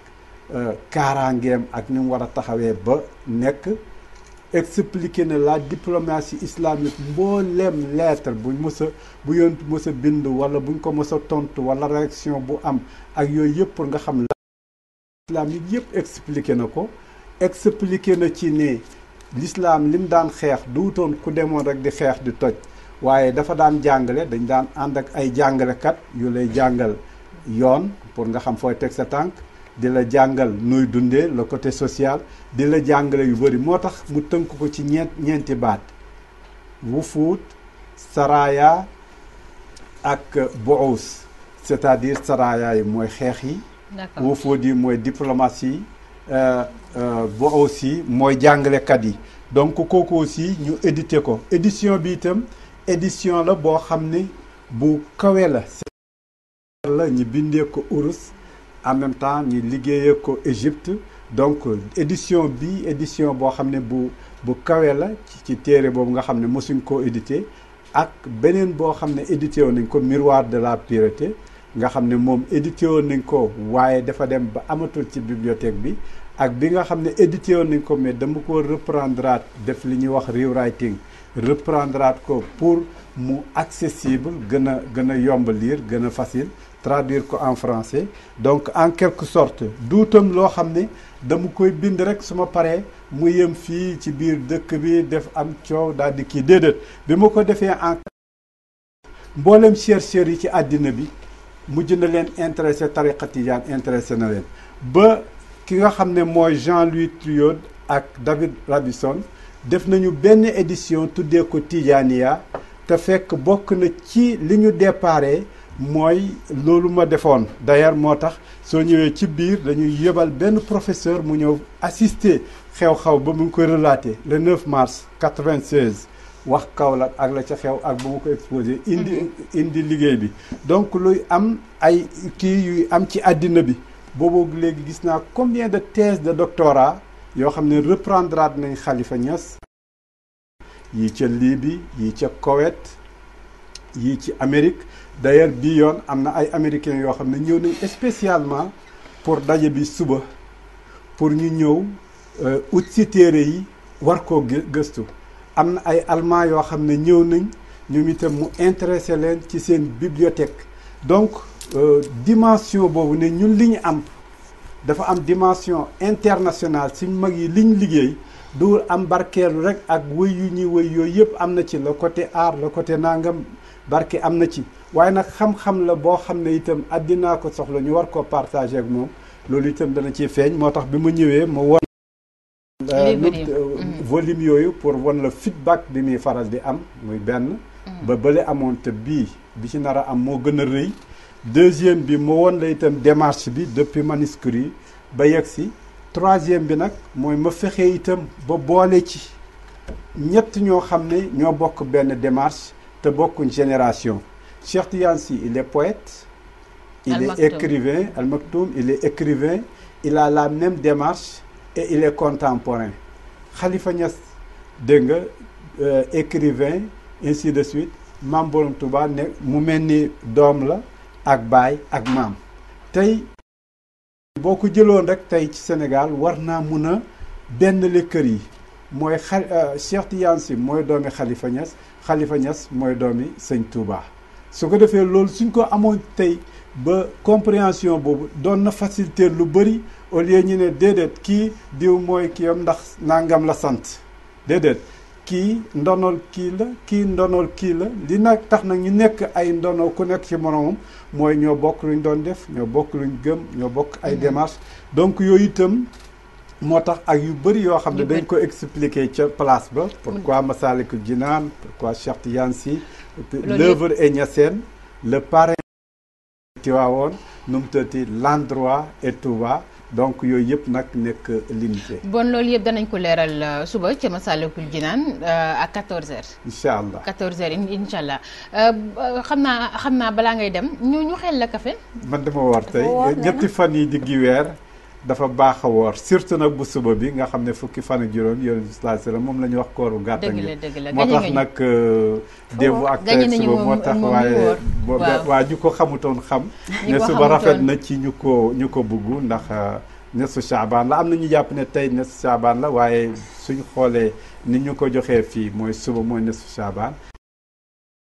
euh, kaaraangeem ak ni war a taxawee ba nekk expliqué na la diplomatie islamique mbooleem lettre bu mës a bu yonent mës bind wala buñ ko mës a tontu wala réaction bu am ak yooyu yëpp pour nga xam la islamique yëpp expliqué na ko expliqué na ci ne l'islam lim daan xeex duutoon ku demoon rek di xeex di toj waaye dafa daan jàngale dañ daan ànd ak ay jàngalekat yu lay jàngal yoon pour nga xam foo teg sa tànk di la jàngal nuy dundee le côté social di la jàngale yu bari moo tax mu tënk ko ci ñeent ñeenti baat wufuut saraya ak boos c'est-à-dire saraya yi mooy xeex yi wufuut yi mooy diplomatie yi euh, Euh, bu aussi mooy jàngalekat yi donc kooku aussi ñu édité ko édition bi itam édition la boo xam ni bu kawe la la ñu ko urus en même temps ñu liggéeyee ko Égypte donc édition bi édition boo xam ne bu bu kawe la ci téere boobu nga xam ne mosuñ ko édité ak beneen boo xam ne édité woon nañ ko miroir de la pureté nga xam ne moom édité woon nañ ko waaye dafa dem ba amatul ci bibliothèque bi ak bi nga xam ne édité woon nañ ko mais dama ko reprendraat def li ñuy wax rewriting reprendraat ko pour mu accessible gën a gën a yomb lire gën a facile traduire ko en français donc en quelque sorte duutam loo xam ne dama koy bind rek su ma paree mu yem fii ci biir dëkk bi def am coow daal di kii déedéet bi ma ko defee en mboolem chercheurs yi ci àddina bi mu na leen intéressé tariqa tijaan intéressé na leen ba ki nga xam ne mooy Jean-Louis Triaud ak David Radisson def nañu benn édition tuddee ko Tijaniya te fekk bokk na ci li ñu déparé mooy loolu ma defoon dayar moo tax soo ñëwee ci biir dañuy yebal benn professeur mu ñëw assister xew-xew ba mu ngi koy relaté le 9 mars 96 wax Kaolack ak la ca xew ak ba mu ko exposé indi mm-hmm. indi liggéey bi donc luy am ay kii yuy am ci àddina bi boobu léegi gis naa combien de thèses de doctorat yoo xam ne reprendraat nañ xalifa Niass yii ca Libye yii ca Koweït yii ci Amérique d'ailleurs bii yoon am na ay américains yoo xam ne ñëw nañ espécialement pour daje bi suba pour ñu ñëw euh, ut si téere yi war ko gëstu am na ay allemand yoo xam ne ñëw nañ ñoom itam mu intéressé leen ci seen bibliothèque donc Euh, dimension boobu ne ñun li ñu am dafa am dimension internationale si mag yi liñ liggéey du am barkeelu rek ak woy yu ñuy woy yooyu yëpp am na ci la côté art le côté nangam barke am na ci waaye nag xam-xam la boo xam ne itam addinaa ko soxla ñu war ko partagé ak moom loolu itam dana ciy feeñ moo tax bi ma ñëwee ma won euh, mm-hmm. volume yooyu pour won la feedback bi muy faral di am muy benn mm-hmm. ba bale amoon te bii bi ci nar a am moo gën a rëy deuxième bi mu woon la itam démarche bi depuis manuscrit yi ba yegg si troisième bi nag mooy ma fexe itam ba boole ci ñett ñoo xam ne ñoo bokk benn démarche te bokkuñ génération Cheikh Tidiane Sy il est poète il Al est écrivain Al Maktoum il est il a la même démarche et il est contemporain xalifa Niass dégg nga euh, écrivain ainsi de suite Maam Borom Touba ne mu mel ni doom la ak baay ak maam tey boo ko jëloon rek tey ci senegaal war naa mun a benn le kër yi mooy xa euh, Cheikh Tidiane Sy mooy doomi Khalifa Niass Khalifa Niass mooy doomi Sëñ Touba su ko defee loolu suñ ko amoon tey ba compréhension boobu doon na facilité lu bëri au lieu ñu ne déedéet ki diw mooy kii am ndax nangam la sant déedéet kii ndonol kii la kii ndonol kii la li nag tax na ñu nekk ay ndono ku nekk ci moromam mooy ñoo bokk luñ doon def ñoo bokk luñ gëm ñoo bokk ay mhm. démarches donc yooyu itam moo tax ak yu bëri yoo xam ne dañ ko expliquer ca place ba mm. pourquoi Massalikul Jinaan pourquoi Cheikh Tidiane Sy l'œuvre et Niassène le parrain Tivaouane nu mu tëddi l'endroit et Touba donc yooyu yëpp nag nekk limité. bon loolu yëpp danañ ko leeral euh, suba ca Massalikul Jinaan euh, à 14h. incha allah 14h incha allah xam naa xam naa balaa ngay dem ñu ñu xel la kafe. man dama war tey ñetti fan yi diggi weer. dafa baax a woor surtout nag bu suba bi nga xam ne fukki fan ak juróom yonent bi sallallahu alayhi moom la ñuy wax kooru gàtta ngi euh, moo tax nag démb ak suba moo tax waaye waa ñu ko xamutoon xam <laughs> ne suba rafet na ci ñu ko ñu ko bugg ndax euh, nesu Chaabaan la am na ñu jàpp ne tey nesu Chaabaan la waaye suñ xoolee ni ñu ko joxee fii mooy suba mooy nesu Chaabaan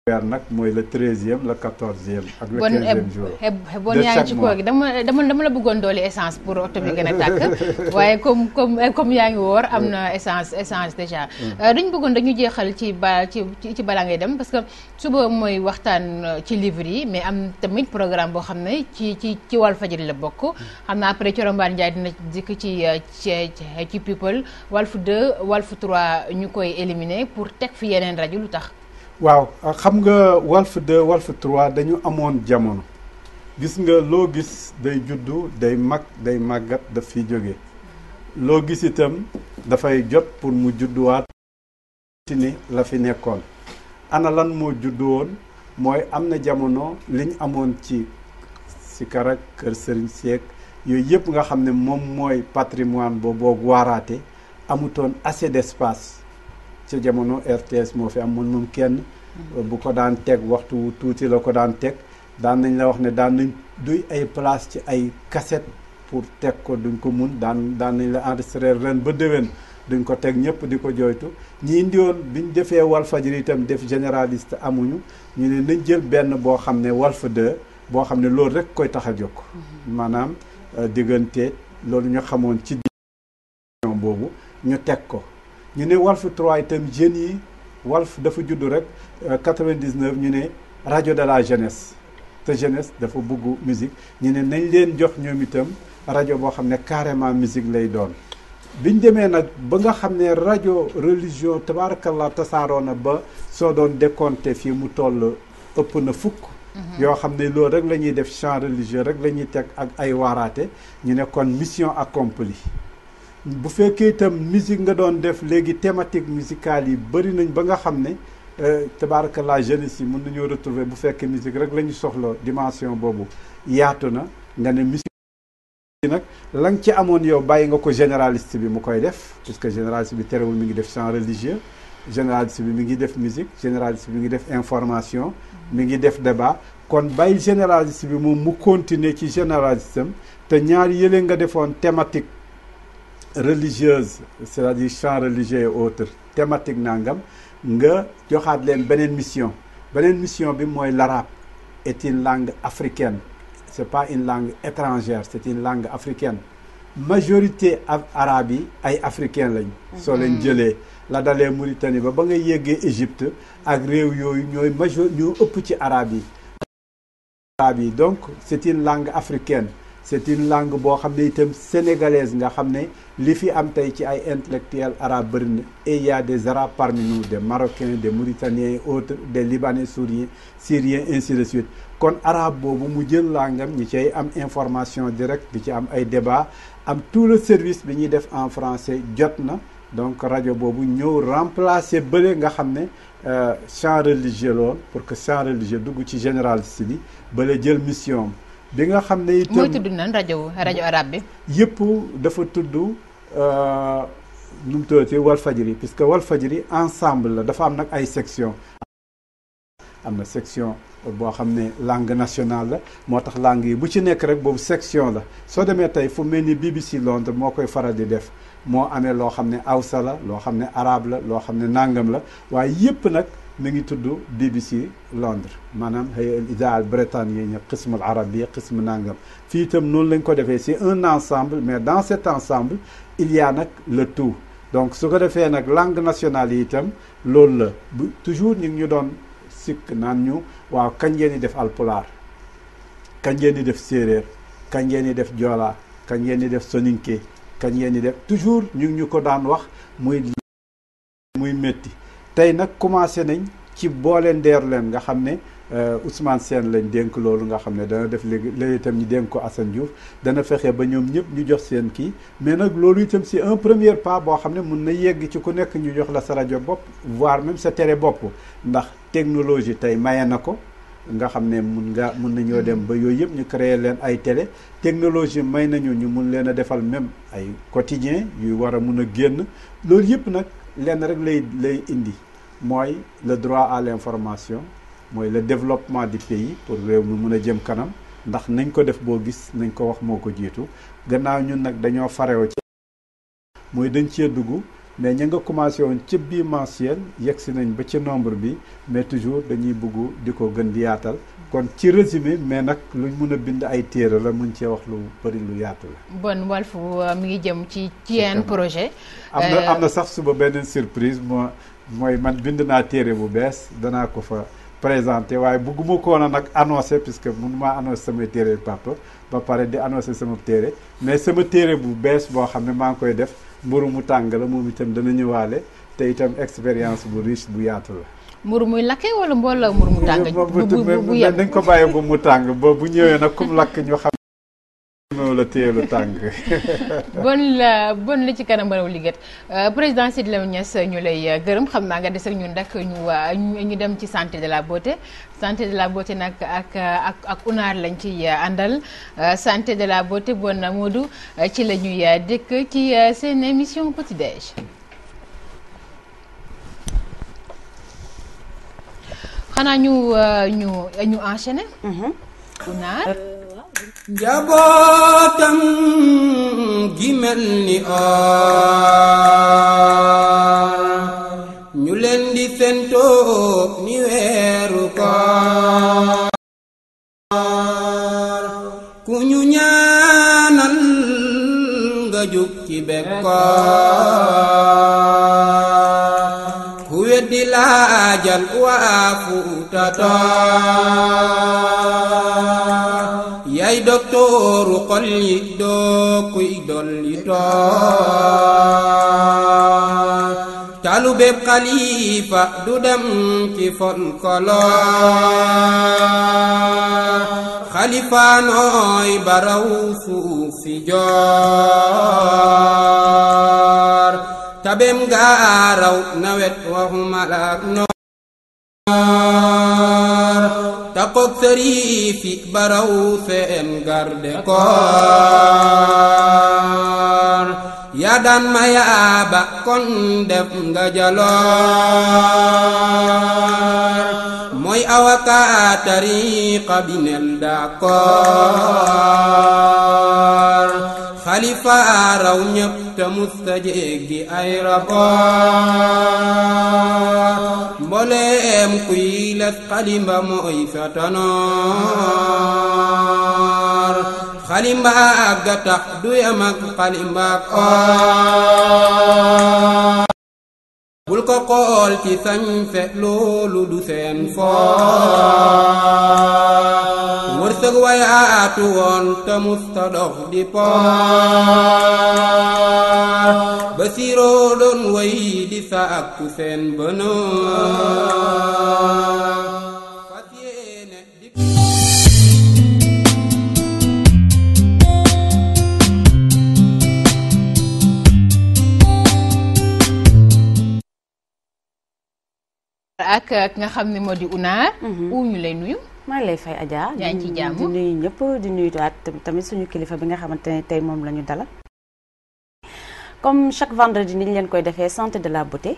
weer nag mooy le treizième le quatorzième ak le eh, quinzième jour eh, eh, bon yaa ngi ci koor gi dama dama la bëggoon dooli essence pour oto bi gën a tàkk <laughs> waaye comme comme comme yaa ngi woor am na essence essence déjà mm. euh, dañu bëggoon dañu jeexal ci ba ci ci balaa ngay dem parce que suba mooy waxtaan euh, ci livre yi mais am tamit programme boo xam ne ci ci ci Walfadjri la bokk mm. xam naa après Corombaan Ndiaye dina dikk euh, ci ci ci people Walf 2 Walf 3 ñu koy éliminer pour teg fi yeneen rajo lu tax waaw xam nga Walf 2 Walf 3 dañu amoon jamono gis nga loo gis day juddu day mag day màggat daf fi jóge loo gis itam dafay jot pour mu judduwaat ci ni la fi nekkoon ana lan moo juddu woon mooy am na jamono liñ amoon ci si karak kër sëriñ Seek yooyu yëpp nga xam ne moom mooy patrimoine boobu boobu waaraate amutoon assez d'espace ci jamono RTS moo fi amoon moom kenn mm-hmm. bu ko daan teg waxtu wu tuuti la ko daan teg daan nañ la wax ne daan nañ duy ay place ci ay cassette pour teg ko duñ ko mun daan daan nañ la enregistré ren ba déwén duñ ko teg ñëpp di ko jooytu ñi indi woon biñ defee Walfadjri itam def généraliste amuñu ñu ne nañ jël benn boo xam ne Walf 2 boo xam ne loolu rekk koy tax a jóg mm-hmm. maanaam euh, diggante loolu ñu xamoon ci boobu ñu teg ko ñu ne Walf 3 itam jeunes yi Walf dafa juddu rek 99 euh, ñu ne rajo de la jeunesse te jeunesse dafa bugg musique ñu ne nañ leen jox ñoom itam rajo boo xam ne carrément musique lay doon bi ñu demee nag ba nga xam ne rajo religion la tasaaroo na ba soo doon décompté fii mu toll ëpp na fukk mhm. yoo xam ne loolu rek lañuy def champ religieux rek la ñuy teg ak ay waraate ñu ne kon mission accomplie bu fekkee itam musique nga doon def léegi thématique musicale yi bëri nañ ba nga xam ne euh, tabaraka la jeunesse yi mën nañoo retrouver bu fekkee musique rek la ñu soxla dimension boobu yaatu na nga ne musique nag la nga ci amoon yow bàyyi nga ko généraliste bi mu koy def puisque généraliste bi terewul mi ngi def chant religieux généraliste bi mi ngi def musique généraliste mi ngi def information mu ngi def débat kon bàyyi généraliste bi moom mu continuer ci généraliste te ñaar yële nga defoon thématique religieuse c'est-à-dire champ religieux et autres thématique nangam nga joxaat leen beneen mission beneen mission bi mooy l'arabe est une langue africaine c'est pas une langue étrangère c'est une langue africaine majorité arabe yi ay africain lañ soo leen mm-hmm. jëlee la dalee Mauritanie ba ba nga yéggee Égypte ak réew yooyu ñooy major ñoo ëpp ci arab yi arabe yi donc c'est une langue africaine c'est une langue boo xam ne itam sénégalaise nga xam ne li fi am tey ci ay intellectuels arabes bëri na et des arabes parmi nous des marocains des mauritaniens et autres des libanais souriens syriens ainsi de suite kon arabe boobu mu jël langam ñi cay am information directe di ci am ay débat am tout le service bi ñuy def en français jot na donc rajo boobu ñëw remplacer bële nga xam ne euh, champ religieux loon pour que champ religieux dugg ci général bi bële jël mission bi nga xam ne itam muy tudd nan rajo rajo arabe bi. yëpp dafa tudd euh, nu mu tuddati Walfadjri puisque Walfadjri ensemble la dafa am nag ay section am na section boo xam ne langue nationale la moo tax langue yi bu ci nekk rek boobu section la soo demee tey fu mel ni BBC Londres moo koy faral di def moo amee loo xam ne awsa la loo xam ne arabe la loo xam ne nangam la waaye yëpp nag. mi ngi tudd BBC Londres maanaam xëy al idaa al britannique qism al arabia qism nangam fii itam noonu lañ ko defee ci un ensemble mais dans cet ensemble il y a nag le tout donc su ko defee nag langue nationale yi itam loolu la bu toujours ñu ngi ñu doon sikk naan ñu waaw kañ ngeen di def alpulaar kañ ngeen di def séeréer kañ ngeen di def joolaa kañ ngeen di def soninke kañ ngeen di def toujours ñu ngi ñu ko daan wax muy muy métti tey nag commencé nañ ci booleen deeru leen nga xam ne euh, Ousmane Sène lañ dénk loolu nga xam ne dana def léegi léegi itam ñu dénk ko Assane Diouf dana fexe ba ñoom ñëpp ñu jox seen kii mais nag loolu itam c'est un première pas boo xam ne mun na yegg ci ku nekk ñu jox la sa rajo bopp voir même sa tere bopp ndax technologie tey maye na ko nga xam ne mun nga mun nañoo dem ba yooyu yëpp ñu créer leen ay télé technologie may nañu ñu mun leen a defal même ay quotidien yuy war a mun a génn loolu yëpp nag lenn rek lay lay indi mooy le droit à l'information mooy le développement du pays pour réew mi mun a jëm kanam ndax nañ ko def boo gis nañ ko wax moo ko jiitu gannaaw ñun nag dañoo farew ci mooy dañ cee dugg mais ña nga commencé woon ci bimensuel yegg si nañ ba ci nombre bi mais toujours dañuy bugg di ko gën di yaatal kon ci résumé mais nag luñ mun a bind ay téere la mun cee wax lu bëri lu yaatu la. bon Walf euh, mi ngi jëm ci ci projet. am na euh, am na sax suba benn surprise mooy man bind naa téere bu bees danaa ko fa présenté waaye bugguma ko woon a nag annoncé puisque mun maa annoncé samay téere papa ba pare di annoncé sama téere mais sama téere bu bees boo xam ne maa ngi koy def mburu mu tàng la moom itam dana ñëwaale te itam expérience bu riche bu yaatu la mburu muy lakke wala mbooloo mburu mu tàng bu bu bu dañ ko bàyyi ba mu tàng ba bu ñëwee nag comme lakk ñu xam moom la téye lu <laughs> bon la bon la ci kanam baraw liggéey euh, président Sidy Lamine Niass ñu lay euh, gërëm xam naa nga des ak ñun nag ñu euh, ñu dem ci santé de la beauté santé de la beauté nag ak ak unaar lañ ci àndal santé de la beauté bon Modou ci la ñuy dëkk ci seen émission petit déj. xanaa njabootam gi mel ni or ñu leen di ni weeru koor ku ñu ñaanal nga jug ci bekkoor ku weddi laajal waa doktooru talu bépp xalifa du dem ci fon kolor xalifa nooy baraw suuf si joor tabeem gaaraw nawet waxuma laak noor koog sëriif yi baraw seen garde koor yaa daan kon def nga jaloor mooy awaka tariqa bi xalifa raw ñëpp te musta ay raboot mbooleem kuy les xalimba mooy sa xalimba ak gattax du yam ak bul ko xool ci sañse loolu du seen foor wërsëg wayaatu woon te musta dox di poor ba siiroo doon way di sa akku seen bënoo ak ak nga xam ne moo di Una. Mhm. u ñu lay nuyu. maa lay fay Adja. yaa ngi ci mm-hmm. di nuyu ñëpp di nuyu tamit suñu kilifa bi nga xamante ne tey moom la ñu dalal. comme chaque vendredi ni ñu leen koy defee santé de la beauté.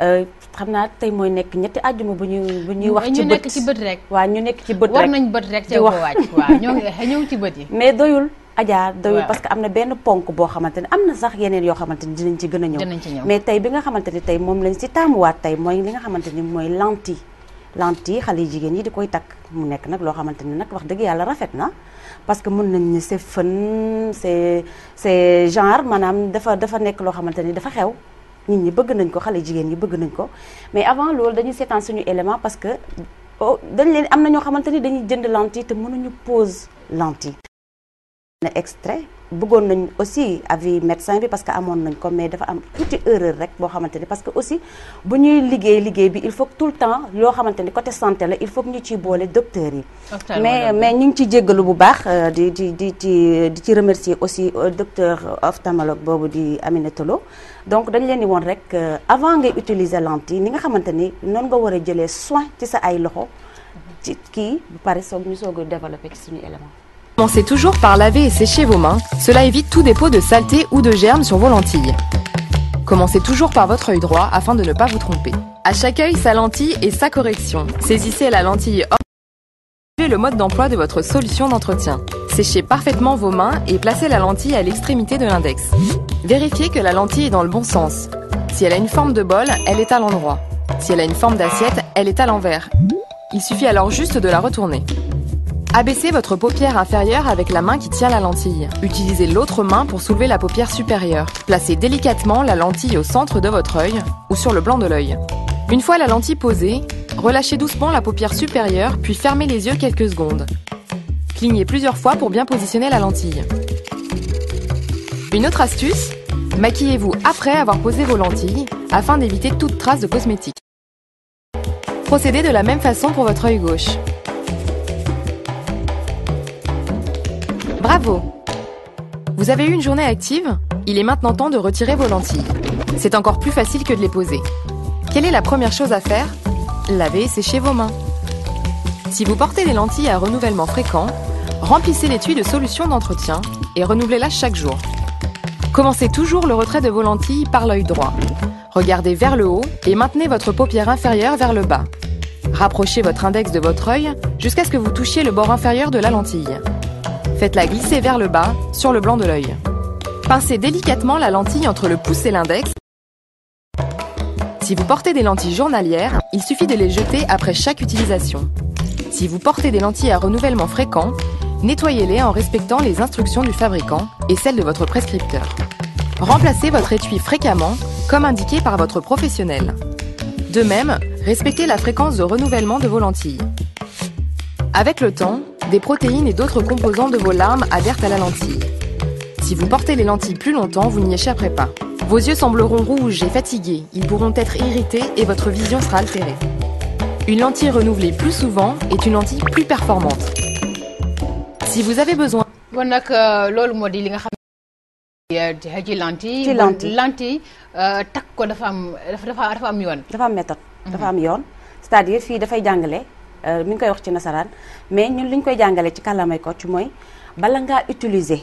Euh, xam naa tey mooy nekk ñetti àjjuma bu ñuy bu ñuy wax. ci bët ñu bët rek. waaw ñu nekk ci bët rek nañ bët rek. te ko waaj waaw ci bët yi. <laughs> mais doyul. Adja doyul parce que am na benn ponk boo xamante ne am na sax yeneen yoo xamante ni dinañ ci gën a ñëw mais tey bi nga xamante ni tey moom lañ si taamuwaat tey mooy li nga xamante ni mooy lentille lentille xale yi jigéen yi di koy takk mu nekk nag loo xamante ni nag wax dëgg yàlla rafet na parce que mën nañ ni c'est fun c'est c'est genre maanaam dafa dafa nekk loo xamante ni dafa xew nit ñi bëgg nañ ko xale jigéen ñi bëgg nañ ko mais avant loolu dañuy seetaan suñu élément parce que oh, dañ leen am na ñoo xamante ni dañuy jënd lentille te mënuñu pose lentille na extrait bëggoon nañ aussi avis médecin bi parce que amoon nañ ko mais dafa am tuuti erreur rek boo xamante ni parce que aussi bu ñuy liggéey liggéey bi il faut tout le temps loo xamante ni côté santé la il faut ñu ciy boole docteurs yi mais mais ñu ngi ci jéggalu bu baax euh, di di di ci di ci remercier aussi euh, docteur ophtalmologue boobu di Aminata Lo donc dañ leen di woon rek euh, avant ngay utiliser lentille ni nga xamante ni noonu nga war a jëlee soin ci sa ay loxo ci kii bu pare soog ñu soog a ci suñu élément Commencez toujours par laver et sécher vos mains, cela évite tout dépôt de saleté ou de germes sur vos lentilles. Commencez toujours par votre œil droit afin de ne pas vous tromper. À chaque œil, sa lentille et sa correction. Saisissez la lentille hors le mode d'emploi de votre solution d'entretien. Séchez parfaitement vos mains et placez la lentille à l'extrémité de l'index. Vérifiez que la lentille est dans le bon sens. Si elle a une forme de bol, elle est à Si elle a Abaissez votre paupière inférieure avec la main qui tient la lentille. Utilisez l'autre main pour soulever la paupière supérieure. Placez délicatement la lentille au centre de votre œil ou sur le blanc de l'œil. Une fois la lentille posée, relâchez doucement la paupière supérieure puis fermez les yeux quelques secondes. Clignez plusieurs fois pour bien positionner la lentille. Une autre astuce, maquillez-vous après avoir posé vos lentilles afin d'éviter Bravo Vous avez eu une journée active Il est maintenant temps de retirer vos lentilles. C'est encore plus facile que de les poser. Quelle est la première chose à faire Laver et sécher vos mains. Si vous portez des lentilles à renouvellement fréquent, remplissez l'étui de solution d'entretien et renouvelez-la chaque jour. Commencez toujours le retrait de vos lentilles par l'œil droit. Regardez vers le haut et maintenez votre paupière inférieure vers Faites-la glisser vers le bas, sur le blanc de l'œil. Pincez délicatement la lentille entre le pouce et l'index. Si vous portez des lentilles journalières, il suffit de les jeter après chaque utilisation. Si vous portez des lentilles à renouvellement fréquent, nettoyez-les en respectant les instructions du fabricant et celles de votre prescripteur. Remplacez votre étui fréquemment, comme indiqué par votre professionnel. De même, respectez la fréquence de Des protéines et d'autres composants de vos larmes adhèrent à la lentille. Si vous portez les lentilles plus longtemps, vous n'y échapperez pas. Vos yeux sembleront rouges et fatigués, ils pourront être irrités et votre vision sera altérée. Une lentille renouvelée plus souvent est une lentille plus performante. Si vous avez besoin... Bon, donc, euh, euh ci lentille euh, ko dafa am dafa dafa am yoon. dafa am méthode. Mhm. dafa am yoon c'est-à-dire fii dafay jàngale. Euh, mi ngi koy wax ci nasaraan mais ñun li ñu koy jàngalee ci kàllaamay ci mooy bala ngaa utiliser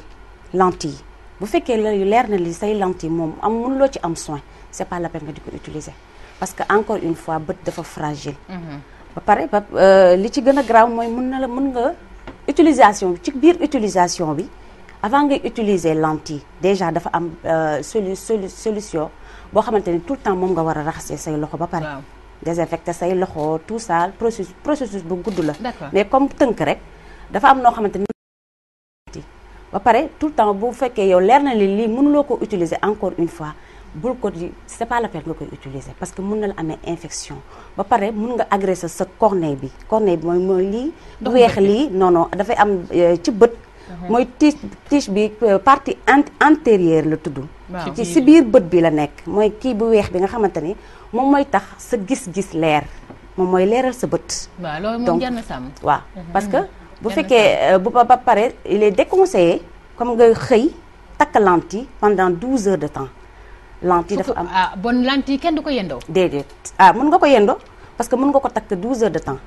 lentille bu fekkee la leer na li say lentille moom am loo ci am soin c'est pas la peine nga di ko utiliser parce que encore une fois bët dafa fragile. Mhm. ba pare ba euh, li ci gën a grave mooy mën na la mën nga utilisation bi ci biir utilisation bi avant ngay utiliser lentille déjà dafa am euh, solu solution boo xamante ne tout le temps moom nga war a raxasee say loxo ba pare. désinfecté say loxo tout ça processus processus bu gudd la. mais comme tënk rek dafa am noo xamante ni. ba pare tout le temps bu fekkee yow leer na li lii loo ko utiliser encore une fois bul ko di c'est pas la peine nga koy utiliser parce que mun na la amee infection ba pare mën nga agresser sa cornée bi cornée bi mooy mooy lii. weex lii non dafay am euh, ci bët. Mhm. mooy tige tige bi euh, partie antérieure la tudd. ci si biir bët bi la nekk mooy kii bu weex bi nga xamante ni. moom mooy tax sa gis-gis leer moom mooy leeral sa bët. waaw loolu moom jar na sàmm waaw parce que bu fekkee euh, bu ba ba pare il est déconseillé comme nga xëy takk lentille pendant 12 heures de temps. lentille dafa am ah bon lentille kenn du ko yendoo. déedéet ah mën nga ko yendoo parce que mën nga ko takk 12 heures de temps.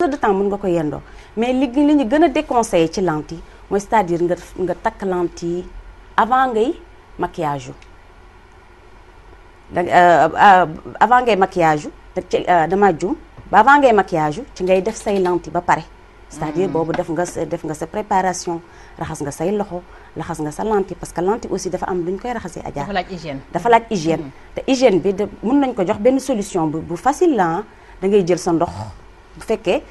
12 heures de temps mën nga ko yendoo mais li li ñu gën a déconseillé ci lentille mooy c'est-à-dire nga nga takk lentille avant ngay maquillage Euh, euh, avant ngay maquillage yu euh, dama jum ba avant ngay maquillage ci ngay def say lentille ba pare cest mm. boobu def nga sa def nga sa préparation raxas nga say loxo raxas nga sa lentille parce que lentille aussi dafa am lu ñu koy raxasee ajaar dafa laaj hygiène dafa laaj hygiène mm-hmm. te hygiène bi mën nañ ko jox benn solution bu bu facile la ah, da ngay jël sa ndox bu fekkee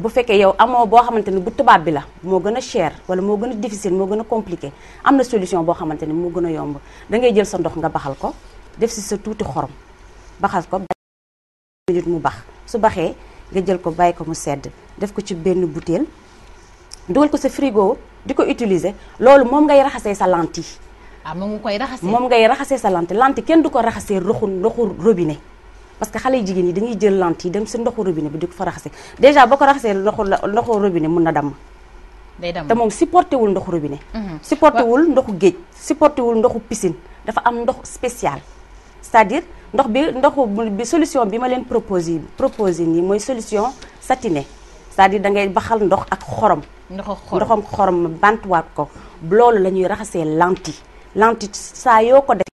bu fekkee yow amoo boo xamante ni bu tubaab bi la moo gën a cher wala moo gën a difficile moo gën a compliqué am na solution boo xamante ni moo gën a yomb da ngay jël sa ndox nga baxal ko def si sa tuuti xorom baxal ko mu bax su baxee nga jël ko bàyyi ko mu sedd def ko ci benn butéel dugal ko sa frigo di ko utiliser loolu moom ngay raxasee sa lentille ah moom koy raxasee moom ngay raxasee sa lentille lentille kenn du ko raxasee roxu ndoxu robine parce que xale jigéen yi dangay jël lentille dem si ndoxu robine bi di ko fa raxasee déjà boo ko raxasee ndoxu ndoxu robine mun na damm day damm te moom supporté ndoxu robine mhm. supporté ndoxu géej supporté ndoxu piscine dafa am ndox spécial cest à ndox bi ndoxu bi solution bi ma leen proposé proposé nii mooy solution satinée c'est-à-dire da ngay baxal ndox ak xorom. ndoxam xorom ma bantuwaat ko. loolu la ñuy raxasee lentille lentille saa yoo ko def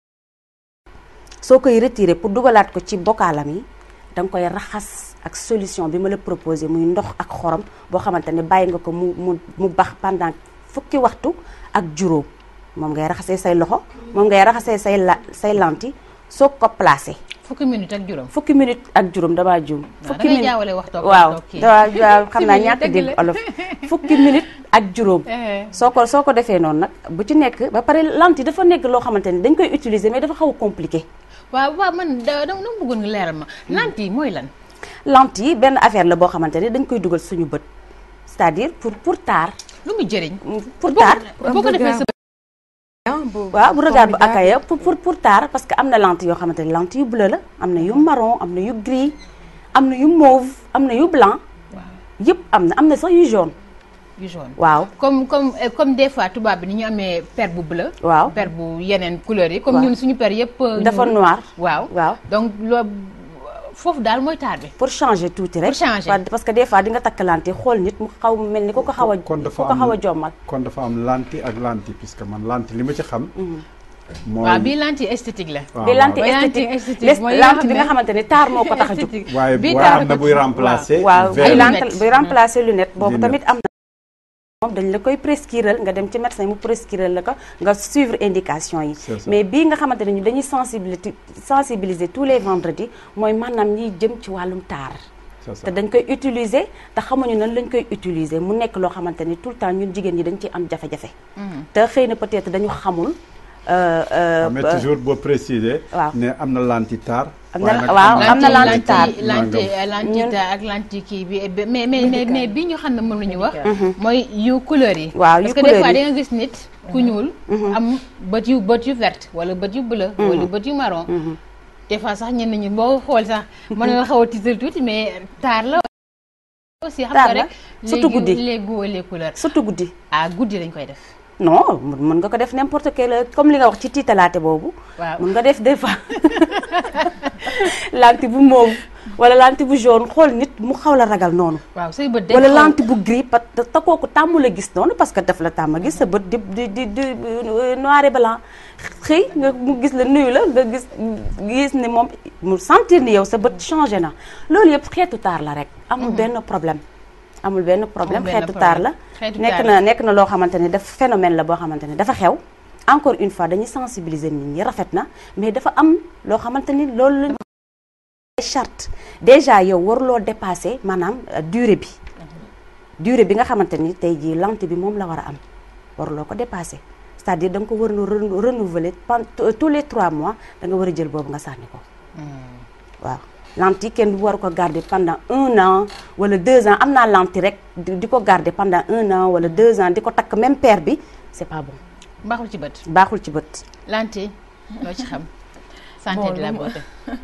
soo koy retiré pour dugalaat ko ci bokaalam yi danga koy raxas ak solution bi ma la proposé muy ndox ak xorom boo xamante ne bàyyi nga ko mu mu bax pendant fukki waxtu ak juróom moom ngay raxasee say loxo. moom ngay raxasee say say lentille soog ko placé. fukki minute ak juróom fukki minute ak juróom damaa juum. fukki minute waaw da waaw <laughs> xam naa ñàkk dégg olof <laughs> fukki minute ak juróom. Eh, eh. soo ko soo ko defee noonu nag bu ci nekk ba pare lentille dafa nekk loo xamante ne dañ koy utiliser mais dafa xaw a waaw man da da nga bëggoon leeral ma hmm. yi mooy lan. yi benn affaire la boo xamante ne dañ koy dugal suñu bët c'est-à-dire pour pour taar. lu mu jëriñ. pour taar Ah, waaw bu regard bu akaya pour pour pour parce que am na lente yoo xamante ne lente yu bleu la am na yu marron am na yu gris am na yu mauve am na yu blanc yëpp am na am na sax yu jaune waaw comme comme eh, comme des fois tubaab bi ni ñu amee per bu bleu waaw per bu yeneen couleur yi comme ñun suñu per yëpp euh, dafa noir waaw waaw donc loo foofu daal mooy taar bi pour changer tuuti rek parce que des fois di takk lanti xool nit mu xaw mel ni ko a ku ko xaw a jommal kon dafa am lanti ak lanti puisque man lanti li ma ci xam mhm. mooy bii lanti esthétique la. waaw lanti esthétique mooy lanti bi nga xamante taar moo ko tax a jug. <laughs> waaye bu am buy remplacer. waaw buy remplacer tamit am moom dañ la koy prescriral nga dem ci médecin mu prescriral la ko nga suivre indication yi mais bii nga xamante ne ñu dañuy sensibiliser sensibiliser tous les vendredis mooy maanaam ñiy jëm ci wàllum taar te dañ koy utiliser te xamuñu nan lañ koy utiliser mu nekk loo xamante ni tout le temps ñun jigéen ñi dañ ciy am jafe-jafe mm-hmm. te xëy na peut dañu xamul Euh, euh, mais toujours bo préciser. waaw ne am na lanti taar. am na waaw am lanti taar ak lanti kii bi eh, mais mais mais bi ñu xam ne moom la ñu wax. Mhm. mooy yu couleur yi. waaw yu couleur yi parce que des fois da nga gis nit ku mhm. ñuul. Mhm. am bët yu bët yu vert wala bët yu bleu. wala bët yu marron. des fois sax ñenn ñi boo xool sax mën na la xaw a tuuti mais taar la. aussi xam nga rek surtout guddi les goûts guddi. ah guddi lañ koy def. non mën nga ko def n'importe la comme li nga wax ci tiitalaate boobu. waaw mën nga def des fois lanti <laughs> bu mauve wala lanti bu jaune xool nit mu xaw la ragal noonu. waaw say bët wala lanti bu gris parce que te kooku tàmm la gis noonu parce que daf la tàmm gis sa bët di di di euh, noir et xëy nga mu gis la nuyu la nga gis gis ni moom mu sentir ni yow sa bët changé na loolu yëpp xeetu taar la rek. amul mm-hmm. benn problème. amul benn problème xeetu taar la nekk na nekk na loo xamante ne daf phénomène la boo xamante ne dafa xew encore une fois dañuy sensibiliser nii ñi rafet na mais dafa am loo xamante ni loolu lañ charte déjà yow waruloo dépassé maanaam euh, durée bi mhm. dure bi nga xamante ni tey jii lente bi moom la war a am waruloo ko dépasser c'est-à-dire da nga ko war a renouveler euh, tous les trois mois da nga war a jël boobu nga sànni ko hmm. waaw lentille kenn du war ko garder pendant un an wala deux ans am naa lentille rek di ko garder pendant un an wala deux ans di ko takk même paire bi c'est pas bon. baaxul ci bët baaxul ci bët. lentille loo ci xam. <laughs> santé de la beauté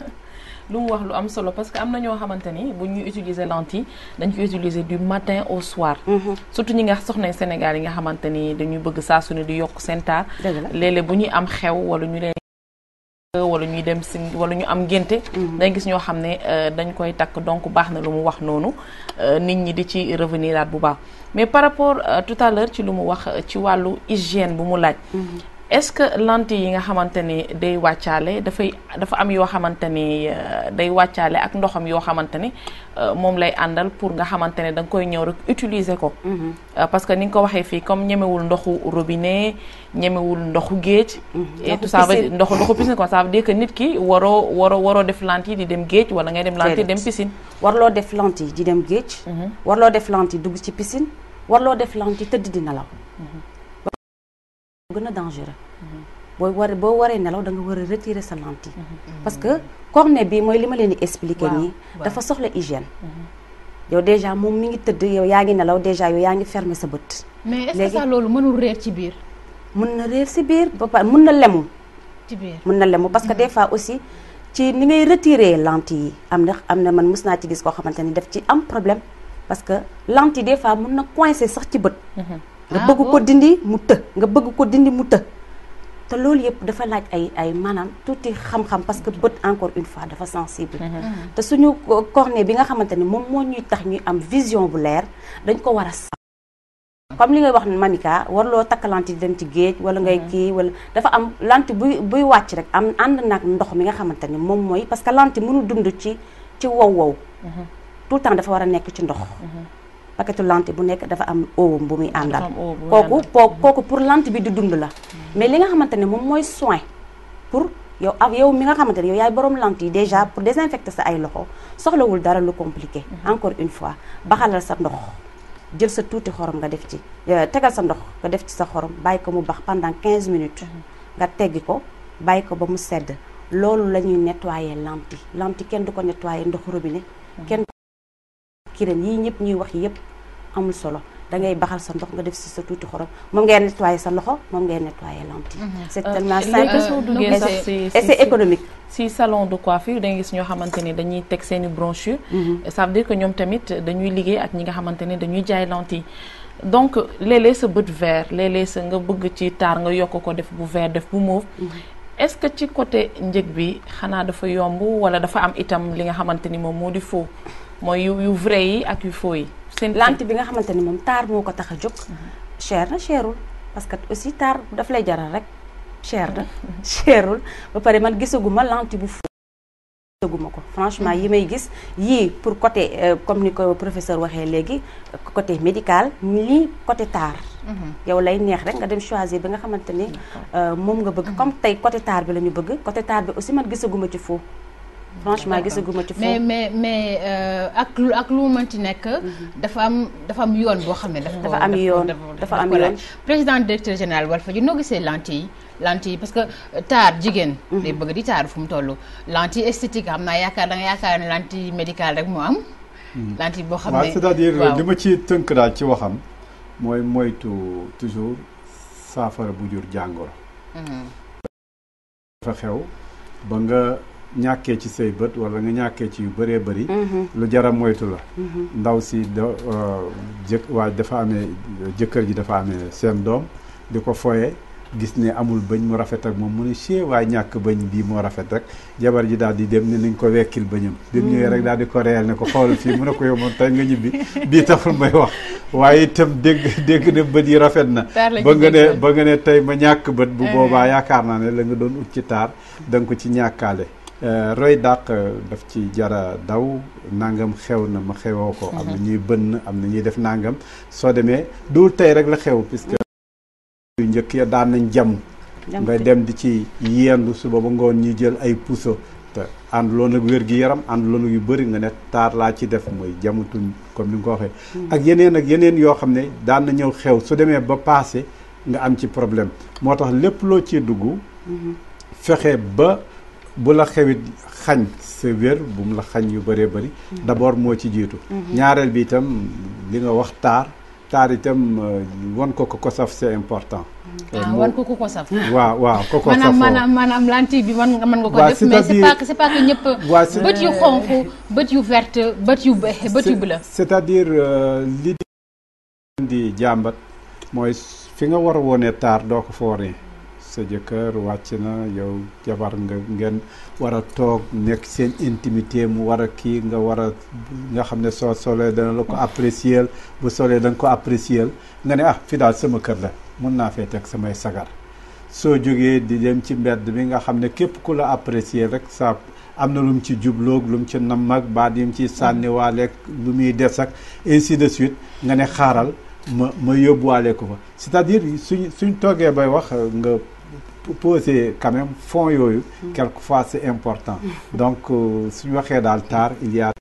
<laughs> lu mu wax lu am solo parce que am na ñoo xamante ni bu ñuy utiliser lentille dañ koy utiliser du matin au soir. Mm-hmm. surtout ñi nga soxna Sénégal yi nga xamante ni dañuy bëgg saa su di yokk seen taar. léeg bu ñuy am xew wala ñu leen. wala ñuy dem si wala ñu am ngénte mm-hmm. dañ gis ñoo xam ne euh, dañ koy takk donc baax na lu mu wax noonu euh, nit ñi di ci revenir bu baax mais par rapport euh, tout à ci lu mu wax ci wàllu hygiène bu mu laaj mm-hmm. est-ce que lentille yi nga xamante ni day wàccaale dafay dafa am yoo xamante ni euh, day wàccaale ak ndoxam yoo xamante ni euh, moom lay àndal pour nga xamante ne da nga koy ñëw rek utiliser ko. Mm-hmm. Euh, parce que ni nga ko waxee fii comme ñemewul ndoxu robinet ñemewul ndoxu géej. Mm-hmm. et tout ndoxu ndoxu piscine quoi ça veut dire que nit ki waroo waroo waroo def yi di dem géej wala ngay dem lentille dem piscine. warloo def yi di dem géej. Mm-hmm. warloo def yi dugg ci piscine warloo def lentille tëdd di nelaw. gën a dangereux boo war boo waree nelaw da nga war a retirer sa lentille parce que cornet bi mooy li ma leen di expliquer nii dafa soxla hygiène yow déjà moom mi ngi tëdd yow yaa ngi nelaw déjà yow yaa ngi fermer sa bët mais est loolu mënul réer ci biir mun na réer si biir ba pare na lemu ci biir mën na lemu parce que des fois aussi ci ni ngay retirer lentille yi am na am na man mus naa ci gis koo xamante ni daf ci am problème parce que lentille des fois mën na coincer sax ci bët mhm. nga ah, bëgg ko dindi mu të nga bëgg ko dindi mu të te loolu yëpp dafa laaj ay ay maanaam tuuti xam-xam parce que bët encore une fois dafa sensible mm-hmm. Mm-hmm. te suñu cornée bi nga xamante ni moom moo ñuy tax ñuy am vision bu leer dañ ko war a comme li ngay wax mamika warloo takk lanti di dem ci géej wala ngay mm-hmm. kii wala dafa am lanti buy buy wàcc rek am ànd nag ndox mi nga xamante ni moom mooy parce que lanti mënu dund ci ci wow wow tout le temps dafa war a nekk ci ndox paquetu lente bu nekk dafa am owam bu muy àndal kooku kooku pour lente bi du dund la hmm. mais li nga xamante ne moom mooy soin pour yow ak yow mi nga xamante ne yow yaay boroom lente yi déjà pour désinfecter sa ay loxo soxlawul dara lu compliqué hmm. encore une fois baxalal sa ndox jël sa tuuti xorom nga def ci euh, tegal sa ndox nga def ci sa xorom bàyyi ko mu bax pendant quinze minutes hmm. nga teggi ko bàyyi ko ba mu sedd loolu la ñuy nettoyer lente yi lente kenn du ko nettoyer ndox robinet kenn kiram yii ñëpp ñuy wax yëpp amul solo da ngay baxal sa ndox nga def si sa tuuti xorom moom ngay nettoyer sa loxo moom ngay nettoyer lentille. Mhm. Euh, c' soo tellement simple et c' est économique. si salon de coiffure da ngay gis ñoo xamante ne dañuy teg seeni i sa mhm. ça que ñoom tamit dañuy liggéey ak ñi nga xamante ne dañuy jaay lentille. donc léeg-léeg sa bët ver léeg-léeg sa nga bëgg ci taar nga yokk ko def bu vert def bu mauve. Mhm. est ce que ci côté njëg bi xanaa dafa yomb wala dafa am itam li nga xamante ni moom moo di faux. mooy yu yu yi ak yu faux yi. seen lente bi nga xamante ni moom taar moo ko tax a jóg. Mhm. cher na cherul parce que aussi taar daf lay jaral rek. cher na <laughs> mhm. cherul ba pare man gisaguma lente bu faux. ko franchement yi may gis yii pour côté euh, comme ni ko professeur waxee léegi côté médical nii côté taar. Mhm. yow lay neex rek nga dem choisir bi nga xamante ni euh, moom nga bëgg. comme tey côté taar bi la ñu bëgg côté taar bi aussi man gisaguma ci faux. franchement gisaguma ci mais mais mais euh, ak lu ak lu mënti nekk. Mhm. dafa am dafa am yoon boo xam ne. dafa am yoon dafa am yoon président directeur général Walfadjri noo gisee lentille lentille parce que euh, taar jigéen. Mhm. day bëgg di taar fu mu toll. lentille esthétique am na yaakaar da nga yaakaar ne lentille médicale rek moo am. Mhm. lentille boo xam ne waaw cest à li ma ci tënk daal ci waxam mooy moytu toujours safara bu jur jàngoro. ñàkkee ci say bët wala nga ñàkkee ci yu bëree bëri mhm. lu jara moytu la mhm. ndaw si da euh, jëkk waaye dafa amee jëkkër ji dafa amee seen doom di ko fooye gis ne amul bëñ mu rafet ak moom mu ne chie waaye ñàkk bëñ bii moo rafet rek jabar ji daal di dem ne nañ ko wekkil bëñam dem ñëwee rek mhm. daal di ko reyal ne ko xoolal fii mu ne ko yow moom tey nga ñibbi bii taxul may wax waaye itam dégg dégg ne bët yi rafet na ba nga ne ba nga tey ma ñàkk bët bu eh. boobaa yaakaar naa ne la nga doon ci taar da ko ci ñàkkaale Euh, roy dàq euh, daf ci jara daw nangam xew na ma xewoo ko am na mhm. ñuy bënn am na ñuy def nangam soo demee duul tey rek la xew puisque yu njëkk ya daan nañ jam nga dem di ci yendu suba ba ngoon ñuy jël ay puso te ànduloon ak wér gi yaram ànduloon ak yu bëri nga ne taar laa ci def mooy jamutuñ comme ni nga ko waxee mhm. ak yeneen ak yeneen yoo xam ne daan na ñëw xew su demee ba paase nga am ci problème moo tax lépp loo ci dugg mhm. fexe ba bu la xewit xañ sa wér bu la xañ yu bëree bëri mm-hmm. d'abord moo ci jiitu mm-hmm. ñaareel bi itam li nga wax taar taar itam euh, wan ko ko ko saf c'est important ah, euh, wan ko ko ko saf waaw waaw ko ko saf maanaam bi man nga ko def mais c'est pas que c'est pas <laughs> bët yu xonq bët yu verte bët yu bët c'est-à-dire euh, li di jàmbat mooy fi nga war a wone taar doo ko fa sa jëkkër wàcc na yow jabar nga ngeen war a toog nekk seen intimité mu war a kii nga war a nga xam ne soo solee dana la ko apprécier bu solee danga nga ko apprécier nga ne ah fi daal sama kër la mun naa fee teg samay sagar soo jógee di dem ci mbedd bi nga xam ne képp ku la apprécier rek sa am na lu mu ci jubloog lu mu ci nam mag baat yi mu ci sànniwaaleeg lu muy des ak si de suite nga ne xaaral ma ma yóbbuwaale ko fa c'est-à-dire suñ suñ toogee poser quand même fonds yooyu quelquefois c'est important <laughs> donc euh, suñu waxee daal taar il y a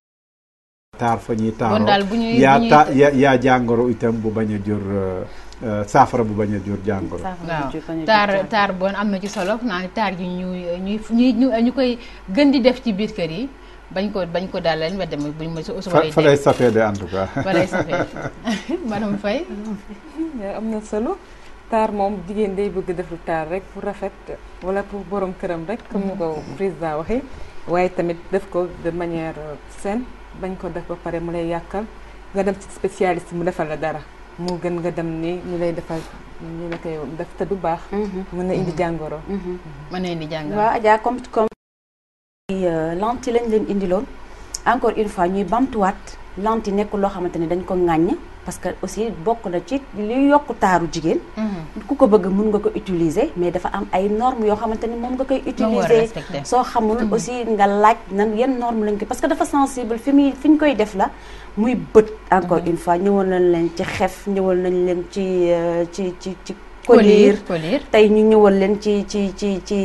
taar fa ñuy taaroo yaa yaa jàngoro itam bu bañ a jur euh, euh, saafara bu bañ a jur jàngoro waaw taar taar bon am na ci solo naa taar yi ñu ñuy ñu ñu koy gën di def ci biir kër yi bañ ko bañ ko daal lañ ma dem buñ ma su fa lay safee de en tout fa lay safee <laughs> <laughs> madame Faye am na solo taar moom jigéen day bëgg def lu taar rek pour rafet wala pour boroom këram rek comme ko ko mm-hmm. président waxee waaye tamit def ko de manière euh, saine bañ ko def ba pare mu lay yàqal nga dem ci spécialiste mu defal la dara moo gën nga dem ni ñu lay defal ñu la koy def te du baax mm-hmm. mën na indi mm-hmm. jàngoro mën na indi jàngoro waaw Adja comme comme euh, lenti lañ leen indiloon encore une fois ñuy bamtuwaat lenti nekk loo xamante ne dañ ko ŋàññ parce que aussi bokk na ci li yokk taaru jigéen. Mhm. ku ko bëgg mun nga ko utiliser mais dafa am ay normes yoo xamante ni moom nga koy. utiliser soo xamul mhm. aussi nga laaj nan yan normes lañ ko parce que dafa sensible fi muy fi ñu koy def la muy bët. encore mhm. une fois ñëwoon nañ leen ci xef ñëwoon nañ leen ci euh, ci ci ci. collier tey ñu ñëwal leen ci ci ci ci.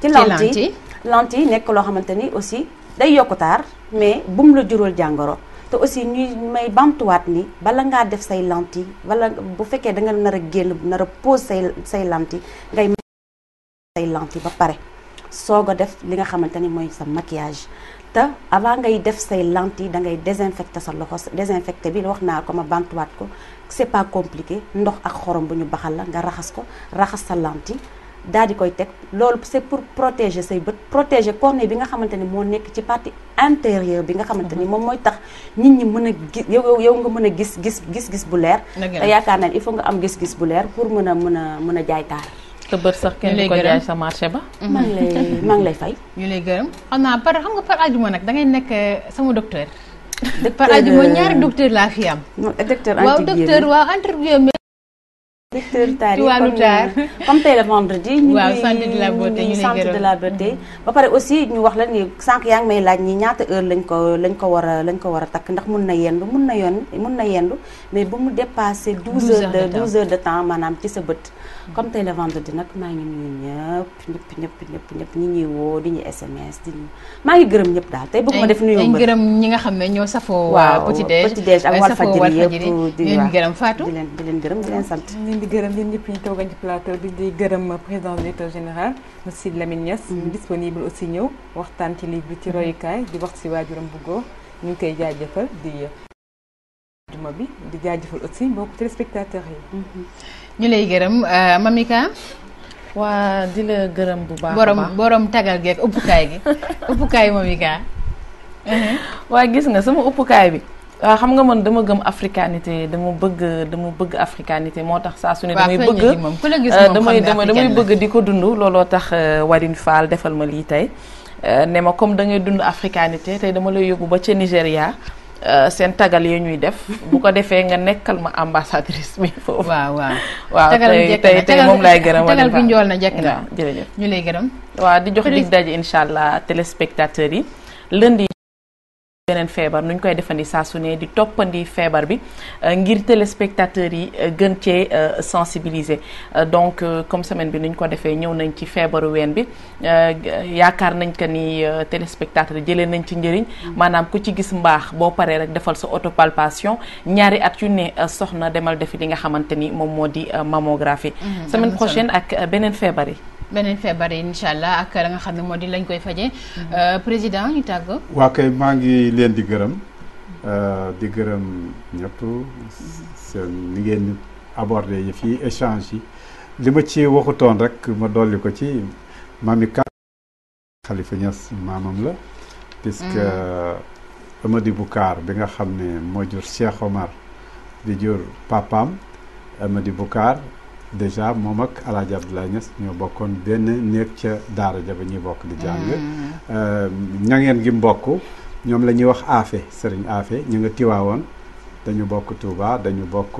ci lentille lentille nekk loo xamante ni aussi day yokk taar mais bum la jural jàngoro. te aussi ñuy may bamtuwaat ni bala ngaa def say lentille wala bu fekkee danga nga nar génn bu a pose say say lentille ngay say lentille ba pare soog a def li nga xamante ni mooy sa maquillage te avant ngay def say lentille da ngay désinfecter sa loxo désinfecter bi wax naa ko ma bamtuwaat ko c'est pas compliqué ndox ak xorom bu ñu baxal la nga raxas ko raxas sa lentille daal di koy teg loolu c'est pour protéger say bët protéger cornée bi nga xamante ni moo nekk ci partie intérieure bi nga xamante ni mhm. moom mooy tax nit ñi mën a gis yow yow nga mën a gis gis gis-gis bu leer te yaakaar naa il faut nga am gis-gis bu leer pour mën a mën a mën a jaay taar te bët sax kenn du ko jaay sa marché ba mhm. maa ngi lay <laughs> ngi lay fay ñu lay gërëm xam naa par xam nga par àjjuma nag da nekk euh, sama docteur par àjjuma ñaari euh, docteur laa fi am waaw docteur waaw interview secteur tarif comme euh, tey la vendredi ñu ngi centre de la beauté ñu centre de la beauté ba pare aussi ñu wax la ni sànq yaa ngi may laaj ñi ñaata heure lañ ko lañ ko war a lañ ko war a takk ndax mun na yendu mun na yoon mun na yendu mais bu mu dépassé douze heures de de temps maanaam ci sa bët comme tey le vendredi nag maa ngi nuyu ñëpp ñëpp ñëpp ñëpp ñëpp ñuy woo di ñu SMS di maa ngi gërëm ñëpp daal tey bëgg ma def nuyu mbër gërëm ñi nga xam ne ñoo safoo waaw petit déj ak Walfadjri yëpp di leen gërëm Fatou di leen di leen gërëm di leen sant di leen di gërëm yéen ñëpp ñu toogañ ci plateau bi di gërëm président directeur général monsieur Sidy Lamine Niass mm-hmm. disponible aussi ñëw waxtaan ci livre bi ci mm-hmm. royukaay di wax si waajuram bu góor ñu ngi koy jaajëfal di juma bi di jaajëfal aussi mbokk téléspectateurs yi mm-hmm. ñu lay gërëm euh, Mamika. waa di la gërëm bu baax borom borom tagal geeg ëppukaay gi ëppukaay <laughs> Mamika. Uh-huh. waa gis nga sama ëppukaay bi. waaw xam nga man dama gëm africanité dama bëgg dama bëgg africanité moo tax saa su ne damay bëgg euh, damay damay bëgg di ko dund looloo tax euh, warin faal defal ma lii tey ne ma comme da ngay dund africanité tey dama lay yóbbu ba ca Nigéria Euh, seen tagal yi ñuy def bu ko defee nga nekkal ma ambassadrice bi foofu. waaw waaw <laughs> waaw tey tey moom laay gërëm. tagal bi njool na jekk na ñu lay gërëm. waaw di jox dig daje incha allah téléspectateurs yi lundi. beneen feebar nuñ koy defandi saa su ne di toppandi feebar bi euh, ngir téléspectateurs yi euh, gën cee euh, sensibiliser donc comme semaine bi nuñ ko defee ñëw nañ ci feebaru ween bi yaakaar nañ que ni téléspectateurs yi jëlee nañ ci njëriñ maanaam ku ci gis mbaax boo paree rek defal sa autopalpation ñaari at yu ne soxna demal defi li nga xamante ni moom moo di mammographie mhm, semaine prochaine ak beneen feebar yi beneen feebar yi incha allah ak la nga xam ne moo di lañ koy fajee. Euh, président ñu tàggoo. waa kay maa ngi leen di gërëm euh, di gërëm ñëpp seen ni ngeen abordé yi fii échange yi li ma ci waxutoon rek ma dolli ko ci mami ka Khalifa Niass maamam la. puisque bu mm. Boucar bi nga xam ne moo jur Cheikh Omar di jur papaam Amady Boucar. dèjà moom ak El Hadj Abdoulaye ñoo bokkoon benn néeg ca daara ja ba ñuy bokk di jàng. Mm. Euh, ñangeen gi mbokk ñoom la ñuy wax Afe Serigne Afe ñu nga tiwaawoon dañu bokk Touba dañu bokk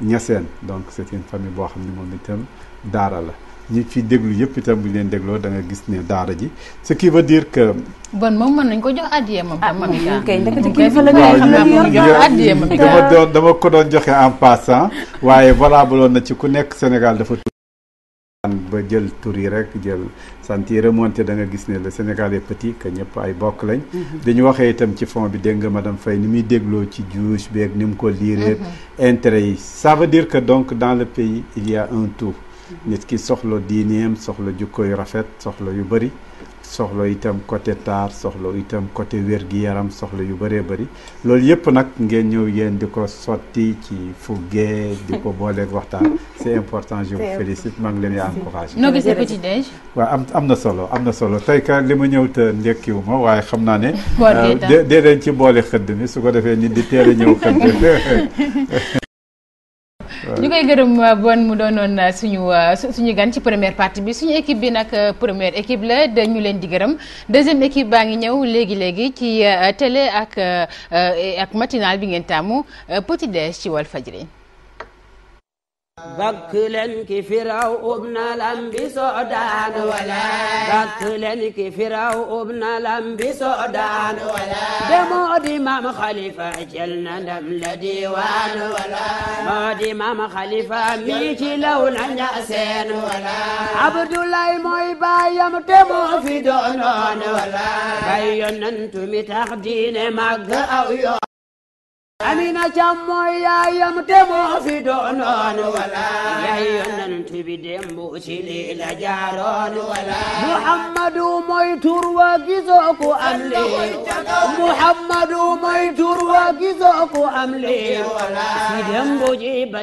Niassène donc c'est une famille boo xam ne moom itam daara la. ñi fi déglu yëpp itam bu ñu leen dégloo danga gis ne daara ji ce qui veut dire que. bon moom mën nañ ko jox addiya moom. ah moom dama doon dama ko doon joxe en passant waaye valable na ci ku nekk Sénégal dafa. ba jël tour yi rek jël sant yi remonté da nga gis ne le Sénégal est petit que ñëpp ay bokk lañ mhm. dañu waxee itam ci fond bi dégg nga madame fay ni muy dégloo ci juge beeg ni mu ko liiree mhm. intérêt yi ça veut dire que donc dans le pays il y un tout nit ki soxla diineem soxla jukko yu rafet soxla yu bëri soxla itam côté taar soxla itam côté wér-gi-yaram soxla yu bëree bëri loolu yëpp nag ngeen ñëw yéen di ko sotti ci fuggee di ko booleeg waxtaan c'est important je vous félicite maa leen yaa encouragé noo am am na solo am na solo tey ka li ma ñëw te ndekkiwu ma waaye xam naa ne dee leen ci boole xëdd mi su ko defee nit di teel a ñëw xëdd ñu koy gërëm euh, bon mu doonoon euh, suñu euh, suñu gan ci première partie bi suñu équipe bi nag première équipe la dañu leen di gërëm deuxième équipe baa ngi ñëw léegi léegi ci télé ak ak matinal bi ngeen tàmmu petit déj ci Walfadjri bakk leen ki firaw ubna lambi soodaan wala bakk leen ki firaw ubna lambi soodaan wala demoo di maam xalifa jël na ndam la diwaan wala moo di maam xalifa mi ci law na ñaaseen wala abdoulaye mooy baayam te moo fi doonoon wala bay yonantu mi tax diine màgg aw yoon amina cam mooy yaayam te moo fi doonoon wala yaay yonent bi démb ci lii la jaaroon wala muhammadu mooy tur wa gisoo ku am lii muhammadu mooy tur wa gisoo ku am lii wala si démb ji ba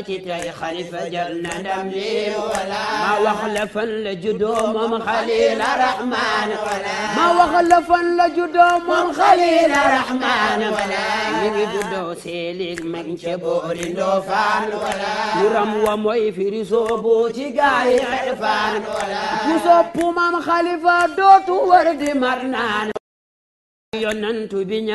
la fan la juddoo moom xalil rahman seelig mag ca boori Ndofaan wala turam wa mooy firi soobu ci gaay xerfaan wala ku soppu maam Xalifa dootu war di mar naan yonantu bi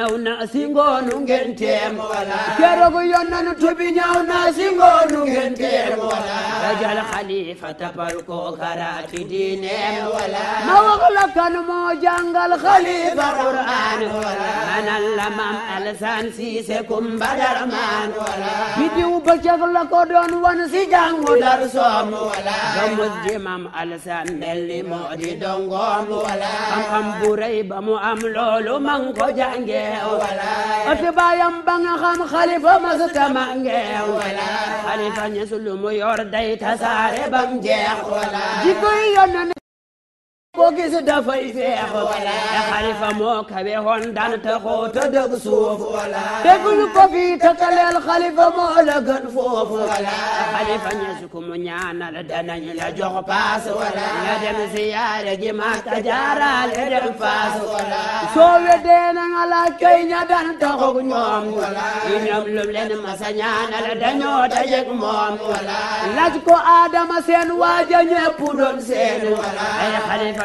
tapal ko karaati diineem wala ma wax la kan moo jàngal xalifa quraan wala la maam alsaan siise kumba darmaan wala bidiw bëccëg la ko doon wan si jàngu dar soom wala ba mus alsaan mel ni moo di wala xam-xam bu ba mu am loolu man ko jàngeew ati baayam ba nga xam xalifa masuta mangeew xalifa ñesu lu mu yor day tasaare bam jeex jikoy yoon ko gis dafay feex te xalifa moo kawe woon daan taxoo te dëgg suuf déglu ko fii takaleel xalifa moo la gën foofu te xalifa ñes ku la jox paas nga dem siyaare ji Makka jaaraale dem faas soo weddee na nga laaj kay ña daan taxoog ñoom ñoom lum leen masa ñaanal dañoo dajeeg moom laaj ko Adama seen waaja ñepp doon seen ay xalifa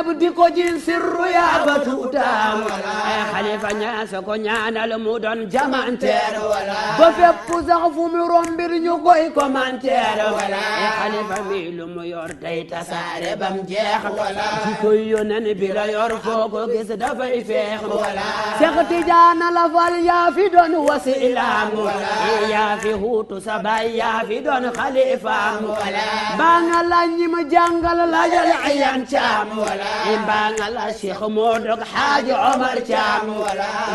abdi ko ji sirru ya batuutaam ay xalifa ñaasa ko ñaanal mu doon jamanteer wala ba fépp sax fu mu rombir ñu koy commentaire wala ay mi lu mu yor day tasaare bam jeex wala ci koy yonen bi yor foo ko gis dafay feex wala Seex Tijaan la fal yaa fi doon wasilaam baa nga lañ ñi ma jàngal la jal ayan caam mbangala Cheikh moo dog Xaaji Omar Caam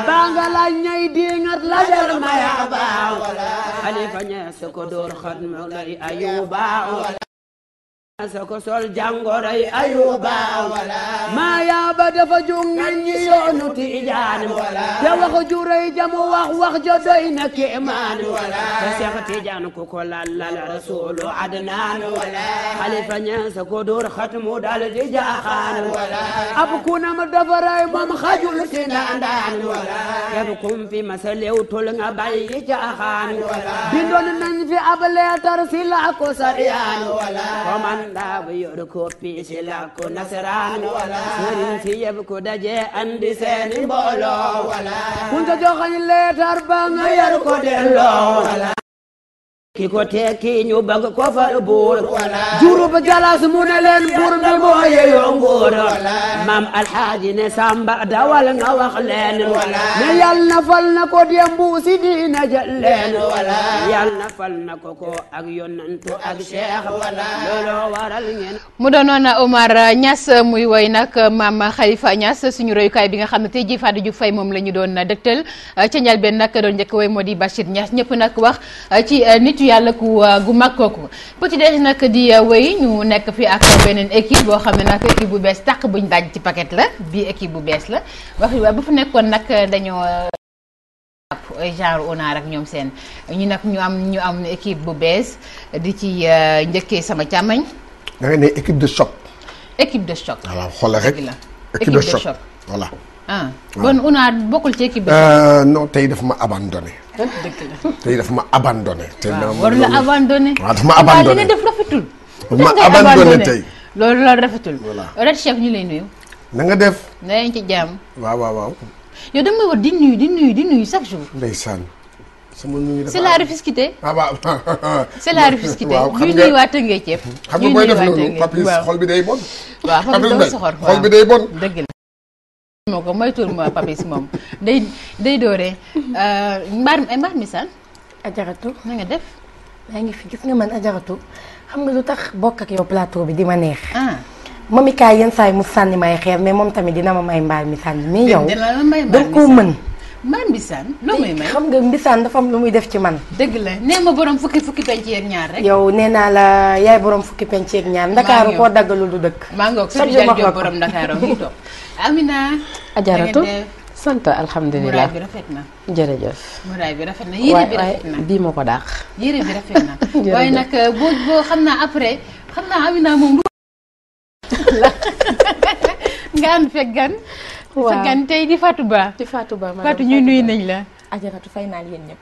mbangala ñay dingat la jar maya baaw Xalifa Ñas ko door xat mu lay ayu baaw soko maa yaaba dafa jum nit ñi yoonu Tijaan wala te wax ju jamu wax wax ja doy na kéemaan wala te Seex Tijaan ku ko lallal rasuulu adnaan wala xalifa ñeesa ko dóor xatmu dal di jaaxaan wala ab kunam dafa rëy moom xajul ti ndandaan wala képp kum fi masa leew tul nga bàyyi jaaxaan wala bindoon nañ fi ab leetar si la ko mandaa bu yor koppi ci làkku nasaraan wala sëriñ si yëpp ku daje andi seeni mbooloo wala kun ta joxañ leetar ba nga yar ko delloo wala ki ko tekki ñu bang ko fal buur jurub galas mu ne leen buur bi moo yeyoo nguur maam alxaaji ne samba dawal nga wax leen ne yal na fal na ko dembu si diina jël leen yal na fal na ko ko ak yonantu ak cheikh looloo waral ngeen mu doonoon Omar Ñas muy woy nag maam Xalifa Ñas suñu royukaay bi nga xam ne tey jii Fatou Diouf moom la ñu doon dëgtal ca njëlbeen nag doon njëkk woy moo di Bachir Ñas ñëpp nag wax ci nit ci yàlla ku euh, gu mag kooku ci déj nag di euh, wéy ñu nekk fi ak beneen équipe boo xam ne nag équipe bu bees tàq buñ daaj ci paquet la bii équipe bu bees la wax yi waaye bu fa nekkoon nag dañoo euh, genre onar ak ñoom seen ñu nag ñu am ñu am équipe bu bees di ci njëkkee sama càmmañ da ngay ne équipe de choc équipe de choc waaw xoolal rek équipe de choc voilà Ah. ah kon Una bokkul ci équipe bi. Euh, non tey daf ma abandonné. <laughs> tey daf ma abandonné. tey ma war la abandonné. waaw daf ma abandonné li nga def tey loolu loolu rafetul. voilà Red Chef ñu lay nuyu. na nga def. na ngeen ci jàmm. waaw waaw waaw. yow dama war di nuyu di nuyu di nuyu chaque jour. ndeysaan. sama nuyu dafa c'est la Rufisquité. ah waaw <laughs> c'est la Rufisquité. waaw xam nga ñuy nuyu waa Tëngéej ceeb. ñuy nuyu waa Tëngéej xam nga booy def loolu papis xol bi day bon. xol bi day bon. moo ko moytuwul ma papis moom day day dooree euh, mbaar mbaar mi saan ajaratu na nga def maa ngi fi gis nga man ajaratu xam nga lu tax bokk ak yow plateau bi di ma neex ah. moom i yenn saa mu sànni may xeer mais moom tamit dina ma may mbaar mi sànni mais yow mën man Mbisaan loo may may xam nga Mbisaan dafa am lu muy def ci man. dëgg la nee ma borom fukki fukki penc yeeg ñaar rek. yow nee naa la yaay borom fukki penc yeeg ñaar. ndakaaru koo lu du dëkk. maa ngi sëñ bi ma borom ndakaaru ngi toog <laughs> Amina. ajaratu sant alhamdulilah bi rafet na. jërëjëf. muraay bi rafet na yére bi rafet na bii ko daax. yére bi rafet na. <laughs> waaye nag euh, boo boo xam naa après xam naa Amina moom. <laughs> ngaan sa gan tey di Fatou Ba. di Fatou Ba Fatou ñu nuyu nañ la. ajaratu fay naa leen ñëpp.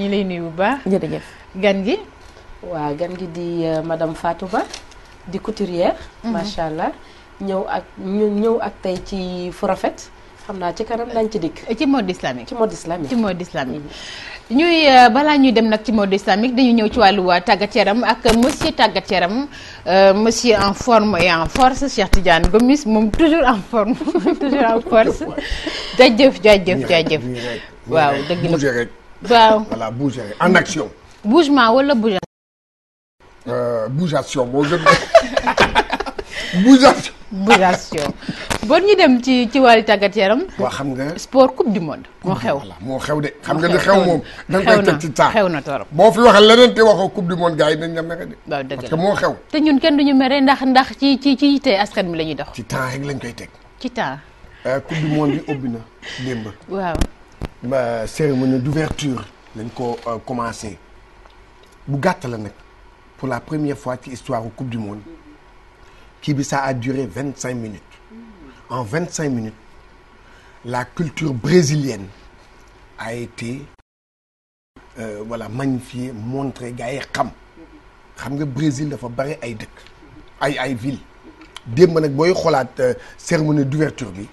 ñu lay nuyu bu baax. jërëjëf gan gi. waaw gan gi di euh, madame Fatou Ba di couturière. Mhm. macha allah ñëw ak ñu ñëw ak tey ci fu rafet xam naa ci kanam lañ ci dikk. ci mode islamique ci mode islamique ci mode islamique. Mhm. ñuy euh, balaa ñuy dem nag ci mode islamique dañu ñëw ci wàllu euh, tàggat yaram ak monsieur tàggat yaram euh, monsieur en forme et en force Cheikh Tidiane Gomis moom toujours en forme <laughs> toujours en force jaajëf jaajëf jaajëf waaw dëgg la bouger rek waaw bougement wala bouge bougeation <laughs> bougation. bougation bon ñu dem ci ci wàllu tàggat yaram. waa xam nga. sport coupe du monde moo xew. moo xew de xam nga di xew moom. da nga koy teg ci taa xew na torop boo fi waxal leneen te waxoo coupe du monde gars yi dañ la mere de. waaw dëgg moo xew. te ñun kenn duñu mere ndax ndax ci ci ci yitte askan bi la ñuy dox. ci temps rek lañ koy teg. ci temps. Euh, coupe du monde bi ubbi na démb. waaw. ba cérémonie d'ouverture lañ ko euh, commencé bu gàtt la nag pour la première fois ci histoire coupe du monde. kii bi ça a duré vingt cinq minutes en vingt cinq minutes la culture brésilienne a été euh, voilà magnifiée montrée gars yi xam xam nga Brésil dafa bari ay dëkk ay ay ville démb nag booy xoolaat euh, cérémonie d'ouverture bi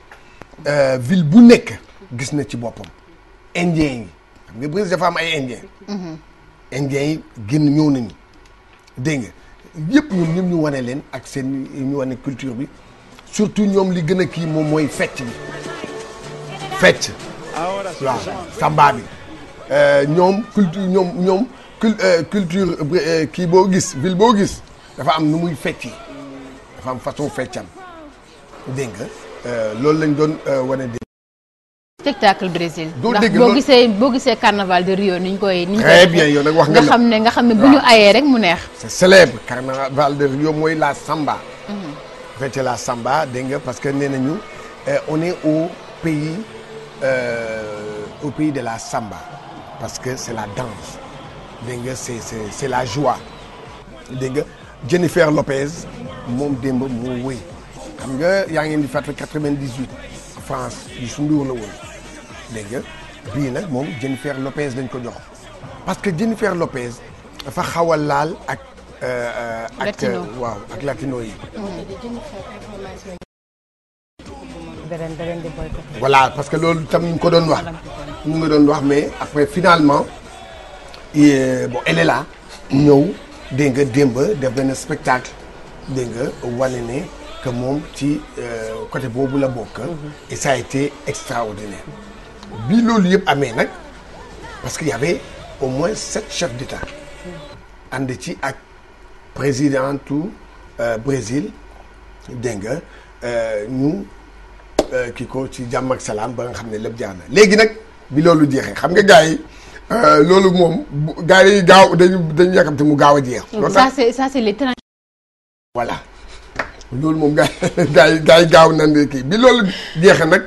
euh, ville bu nekk gis na ci boppam indiens yi xam nga Brésil dafa am ay indiens mhm. indiens yi génn ñëw nañ dégg yëpp ñoom ñëpp ñu wane leen ak seen ñu wane culture bi surtout ñoom li gën a kii moom mooy fecc bi fecc waaw samba bi euh, ñoom culture ñoom ñoom euh, culture euh, kii boo gis ville boo gis dafa am nu muy fecc dafa am façon feccam dégg loolu lañ doon wane dé spectacle Brésil. ndax boo gisee boo gisee carnaval de Rio ni koy. ni koy très bien wax nga. nga xam ne nga xam ne bu ñu ayee rek mu neex. c'est célèbre carnaval de Rio mooy la samba. bu mhm. la samba dégg nga parce que nee nañu eh, on est au pays euh, au pays de la samba parce que c'est la danse dégg nga c'est c'est c'est la joie dégg nga Jennifer Lopez moom démb moo wëy xam nga yaa ngeen di fàttali 98 France Youssou Ndour la woon. dégg bii nag moom Jennifer Lopez lañ ko jox parce que Jennifer Lopez dafa xaw a laal ak. Euh, euh, ak euh, waaw latino yi. voilà parce que loolu tam ñu ko doon wax. ñu ngi doon wax mais après finalement. ñëw dégg nga démb def benn spectacle dégg nga wane moom ci côté boobu la bokk. Mhm. et extraordinaire. bi loolu yëpp amee nag parce que y avait au moins sept chefs d'État ànd ci ak présidentu euh, Brésil dégg nga euh, ñu euh, kii ko ci jàmm ak salaam ba nga xam ne lépp jaar léegi nag bi loolu jeexee xam nga gars yi loolu moom gars yi gaaw dañu dañu yàkkamte mu gaaw a jeex. loolu ça c'est ça c'est les voilà loolu moom gars yi gars yi gaaw nan kii bi loolu jeexee nag.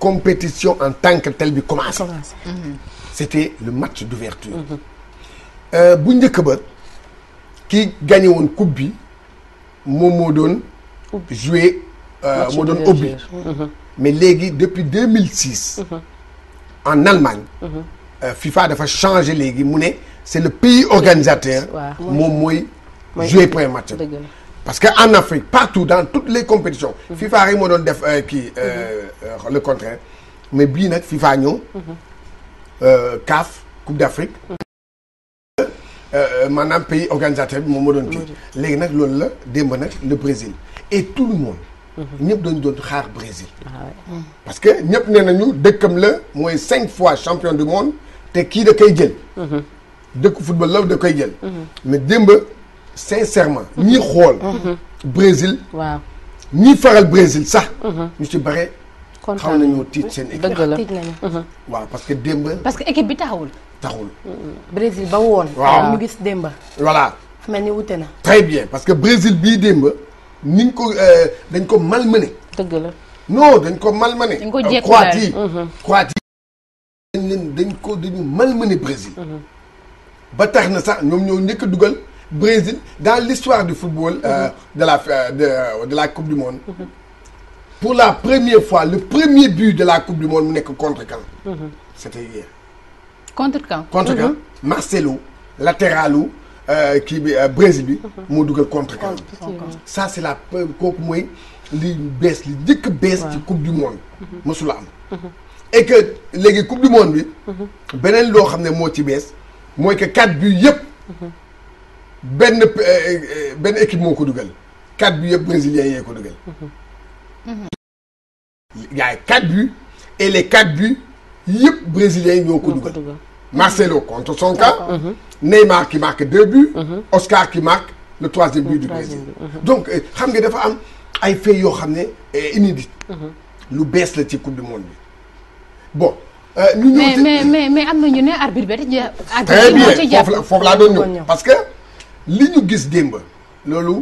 compétition en tant que telle bi commencé. Mhm. c'était le match d'ouverture mhm. euh, bu njëkk ba ki gagné woon coupe bi moom moo doon. jouer euh, moo doon ubbi. Mhm. mais léegi depuis 2006. en Allemagne. Euh, FIFA dafa changé léegi mu ne c'est le pays organisateur. moom mooy jouer premier match. parce que en Afrique partout dans toutes les compétitions. Mhm. FIFA rek moo doon def euh, kii euh, mhm. euh, le contraire mais bii nag FIFA ñëw. Mhm. CAF Coupe d'Afrique. maanaam pays organisateur bi moom moo doon kii. léegi nag loolu la démb nag le Brésil et tout le monde. ñëpp dañu doon xaar Brésil. Ah mm. parce que ñëpp nee nañu dëkkam la mooy cinq fois champion du monde te kii da koy jël. dëkk football la da koy jël. mais démb. sincèrement ñii xool. Brésil. waaw ñii faral Brésil sax. Mhm. ñu ci bare. kontaan nañu xaw nañoo seen équipe. dëgg la tiit mhm. waaw parce que démb. parce que équipe bi taxawul. taxawul. Mhm. Brésil ba woon. waaw ñu gis démb. voilà. mel ni wute na. très bien parce que Brésil bii démb niñ ko euh, dañ ko malmené. dëgg la non dañ ko malmené. dañ ko jékku daal Croatie Croatie dañ leen dañ ko dañu malmené Brésil. ba tax na sax ñoom ñoo njëkk dugal. Brésil dans l'histoire du football euh, de la euh, la Coupe du monde pour la première fois le premier but de la Coupe du monde mu nekk contre kan c'était hier contre kan contre kan mhm. euh, kii bi Brésil bi mhm. moo dugal contre kan ça c'est la kooku mooy li bees li njëkk bees ci coupe du monde mhm. mosula am et que léegi coupe du monde bi beneen loo xam ne moo ci bees mooy que quatre buts yëpp benn eh, eh, benn équipe moo ko dugal quatre buts yëpp brésilien yee ko dugal. yaay quatre buts et les quatre buts Marcelo contre son cas. Mhm. Neymar qui marque deux buts. Mhm. Oscar qui marque le troisième but du Brésil. Mhm. donc eh, xam nga dafa am ay fait yoo xam ne inédit. lu bees la ci coupe du monde bi bon. Euh, ñu mais mais mais am na ñu ne arbitre bi dañuy. arbitre foofu la foofu doon ñëw parce que. li ñu gis démb loolu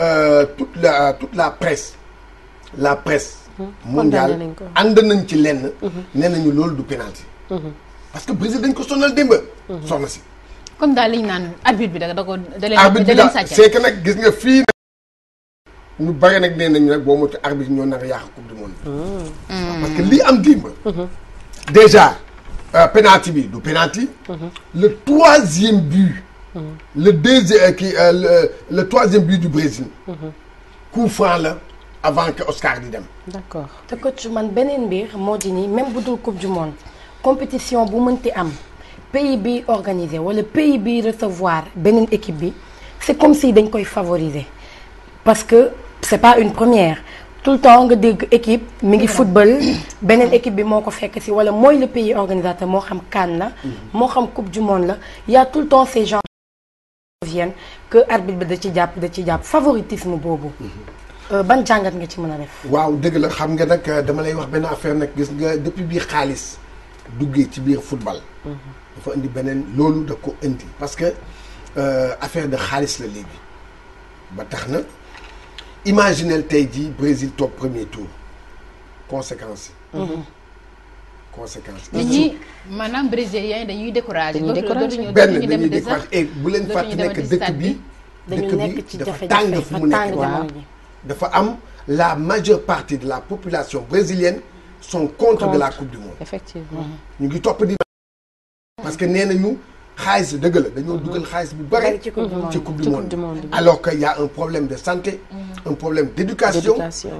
euh, toute la toute la presse la presse mmh. mondiale ànd nañ ci lenn mmh. nee nañu loolu du pénalty mmh. parce que Brésil dañ ko sonal démb soxna si kon daal liñ naan arbitre bi da da ko da leen arbitre bi nag gis nga fii ñu bare nag nee nañu nag boo moytu arbitre ñoo nar a yàq coupe du monde parce que li am démb déjà euh, pénalty bi du pénalty le troisième but le deuxième kii euh, euh, le le troisième but du Brésil. Mhm. coup franc la avant que Oscar di dem. d'accord te coach man beneen mbir moo di ni même bu dul coupe du monde compétition bu mënti am pays bi organisé wala pays bi recevoir beneen équipe bi c'est comme si dañ koy favoriser parce que c'est pas une première. tout le temps nga dégg équipe mi ngi football beneen équipe bi moo ko fekk ci wala mooy le pays organisateur moo xam CAN la mhm. moo xam coupe du monde la y tout le temps ces gens parisienne que arbitre bi da ci jàpp da ci jàpp favoritisme boobu. Mhm. Euh, ban jàngat nga ci mën a def. waaw dëgg la xam nga nag euh, dama lay wax benn affaire nag gis nga depuis bii xaalis duggee ci biir football. Mhm. dafa indi beneen loolu da ko indi parce que euh, affaire de xaalis la léegi ba tax na imaginel tey jii Brésil toog premier tour conséquence yi. Mhm. conséquences. nit ñi maanaam brésilien dañuy découragé. dañuy découragé benn dañuy découragé et eh, bu leen fàtte nekk dëkk bi. ci jafe-jafe dafa tàng fu mu nekk dafa am la majeure de la population brésilienne sont contre, contre. de la coupe du monde. ñu ngi topp di. parce que nee nañu xaalis dëgg la dañoo dugg mhm. dugal xaalis bu bëri. ci coupe du monde alors que y a un problème de santé. Mhm. un problème d'éducation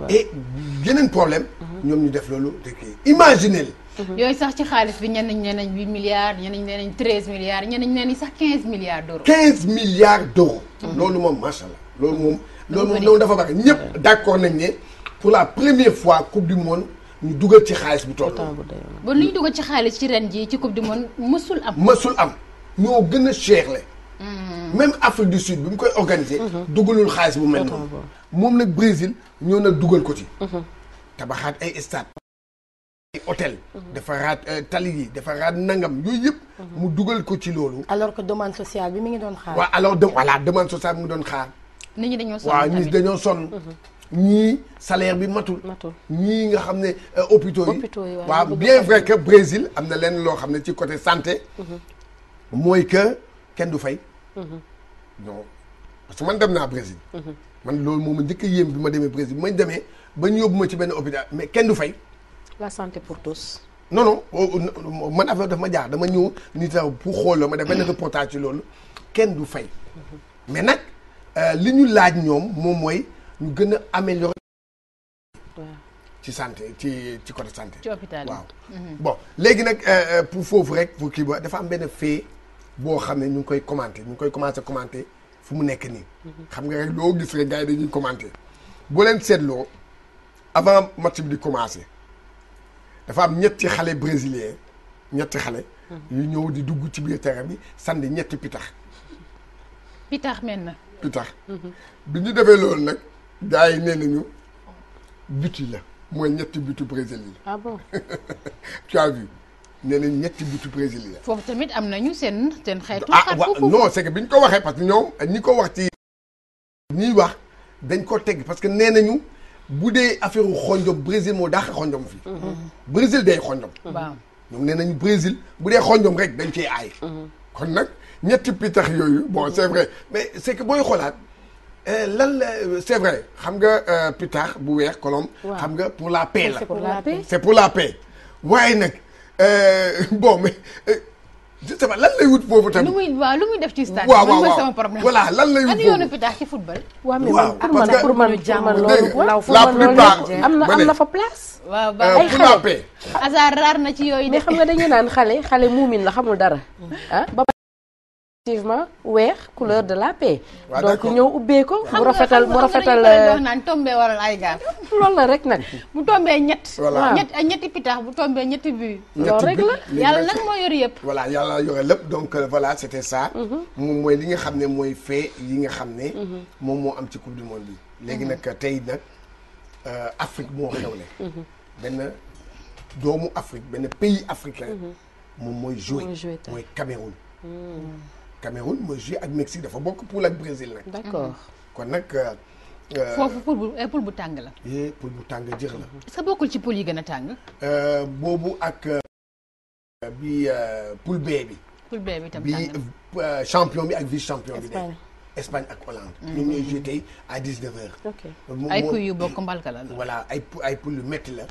et yeneen problème. Mhm. ñoom ñu def loolu dëkk yi imaginez Mhm. yooyu sax ci xaalis bi ñeen ñi nee nañ huit milliards ñenn ñi nee nañ treize milliards ñenn ñi sax quinze milliards d'euros. quinze milliards d'euros. Mhm. loolu moom macha allah loolu moom. loolu moom loolu dafa bari ñëpp d'accord nañ ne pour la première fois coupe du monde. ñu dugal ci xaalis bi toll. ba li ñu dugal ci xaalis ci ren jii ci coupe du monde mësul am. mësul am ñoo gën a cher le mhm. même Afrique du Sud bu mu koy organiser. dugalul xaalis bu mel noonu. moom nag Brésil ñoo na dugal ko ci. tabaxaat ay stade. hôtel dafa raat euh, tali yi dafa raat nangam yooyu yëpp mu dugal ko ci loolu alors que demande bi mu ngi doon xaar waa alors de voilà demande sociale bi mu doon xaar nit ñi dañoo sonn waaw ñi dañoo sonn mhm. ñii salaire bi matul ñii nga xam ne euh, hôpitaux yi waaw bien vrai que Brésil am na leen loo xam ne ci côté santé mhm. mooy que kenn du fay mhm. non parce que man dem naa Brésil man loolu moom ma njëkk a yéem bi ma demee Brésil mañ demee ba ñu yóbbu ma ci benn hôpital mais kenn du fay la santé pour tous. non non oh, oh, oh, man affaire daf ma jaax dama ñëw ni bu pour xooloo ma def benn reportage ci loolu kenn du fay. mais nag euh, li ñu laaj ñoom moom mooy ñu gën a améliorer. ci santé ci ci côté santé. ci hôpital waaw. Mhm. bon léegi nag euh, euh, pour foofu rek pour kii ba dafa am benn fee boo xam ne ñu ngi koy commenté ñu ngi koy commencé commenté fu mu nekk nii. Mhm. xam nga rek loo gis rek gars yi dañuy commenté. boo leen seetloo avant match bi di commencé. dafa am ñetti xale brésilien ñetti xale. yu ñëw di dugg ci biir terrain bi sànni ñetti pitax. pitax mel na. pitax. Mhm. bi ñu defee loolu nag gars yi nee nañu buti la mooy ñetti butu brésil yi. ah bon <laughs> tu as vu nee nañ ñetti butu brésil foofu tamit am nañu seen seen xeetu. ah waaw non c'est que bi ñu ko waxee parce que ñoom ñi ko wax ci. ñuy wax dañ ko teg parce que nee nañu. bu dee affaire xonjom Brésil moo dàq xonjom fi Brésil day xonjom waaw ñoom nee nañu Brésil bu dee xonjom rek dañ cee aay kon nag ñetti pitax yooyu bon c'est vrai mais c'est que booy xoolaat euh, lan la c'est vrai xam nga euh, pitax bu weex kolom xam nga pour la paix la c'est pour la paix waaye nag euh, <laughs> bon mais justement lan lay wut boobu tamit. lu muy waaw lu muy def ci stade. waaw waaw sama problème voilà lan lay wut boobu. yoonu ci football. waaw mais man pour man pour man am na am na fa place. waaw euh, ba ay xale hasard raar na ci yooyu. mais xam nga dañu naan xale xale muumin la xamul dara mm. ah. effectivement weex couleur de la paix. donc ñëw ubbee ko mu rafetal mu rafetal. xam euh, naan tombé waral ay gaar. <laughs> loolu la rek nag. <laughs> bu tombé ñett. ñetti ñetti pitax bu tombé ñetti bu. loolu rek la yàlla nag moo yor yëpp. voilà yàlla yore lépp donc euh, voilà c' était ça. Mhm. moom mooy li nga xam ne mooy fait yi nga xam ne. Mhm. moom moo am ci coupe du monde bi. léegi mhm. nag euh, tey nag Afrique moo xewle. benn doomu Afrique benn pays africain. moom mooy joué mooy Cameroun. Cameroun mooy joué ak Mexique dafa bokk poule ak Brésil nag. d'accord mhm. kon nag. Euh, euh, foofu poule bu eh, poule bu tàng la. eh poule bu tàng jër la. est-ce que bokkul ci poule yi gën a tàng. Euh, boobu ak bi poule B bi. poule B bi tam tàng bi champion bi ak vice champion bi. Espagne Espagne ak Hollande. Mhm. ñoom ñooy joué tey à 19h. ok ay poule yu bokk mbalka la. voilà ay ay poule yu métti la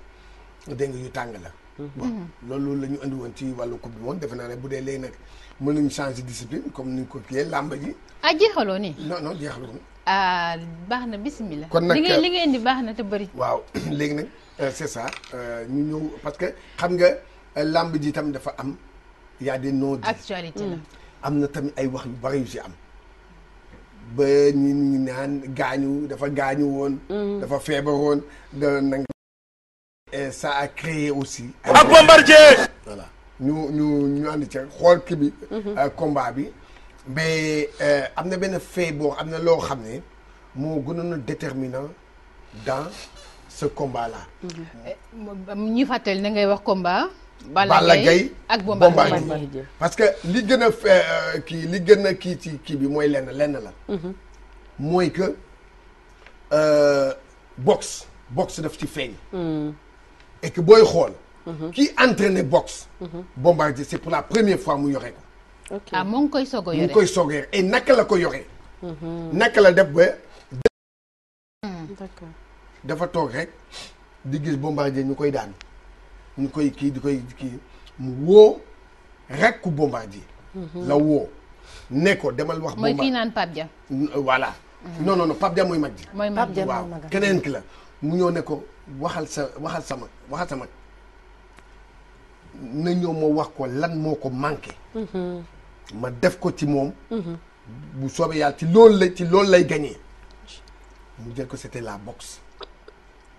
dégg nga yu tàng la. Mhm. bon loolu la ñu andi woon ci wàllu coupe du monde defe naa ne bu dee léegi nag. mën nañu changer discipline comme ni ñu ko kiyee làmb ji. ah jeexaloo nii. non non jeexaloo nii. ah baax na bismillah. kon nag li ngay baax na te bari waaw <clears throat> léegi nag euh, c'est ça euh, ñu ñëw parce que xam nga euh, làmb ji tam dafa am y a des non actualité mm. am na tamit ay wax yu bari yu si am. ba ñu ñu gaañu dafa gaañu woon. Mm. dafa feebar woon da nanga. ñu ñu ñu ànd ci xool kii bi. Mhm. Euh, combat bi. mais euh, am na benn fait boo am na loo xam ne moo gënoon na déterminant dans ce combat là. Mhm. Euh, ñi fàttali na ngay wax combat. Balla Gaye ak Bombardier parce que li gën a kii li gën a kii ci kii bi mooy lenn lenn la. Mhm. mooy que boxe boxe daf ci feeñ. Mm. et booy xool. kii mhm. entraîné boxe. Mhm. Bombardier c'est pour la première fois mu yore ko. ah mu ngi koy soog a yore koy soog a naka la ko yoxe mhm. naka la def ba. Hmm. d'accord dafa toog rek di gis Bombardier ñu koy daan ñu koy kii di koy kii mu woo rek ku Bombardier. la woo ne ko demal wax. Bombardier mooy kii naan Pape Dia. Euh, mag ji. mooy waaw keneen ki la mu ñëw ne ko waxal sa waxal sama waxal sama. na ñëw ma wax ko lan moo ko manqué. Mm-hmm. ma def ko ci moom. Mm-hmm. bu soobee yàlla ci loolu la ci loolu lay gagné. mu jël ko c'était la boxe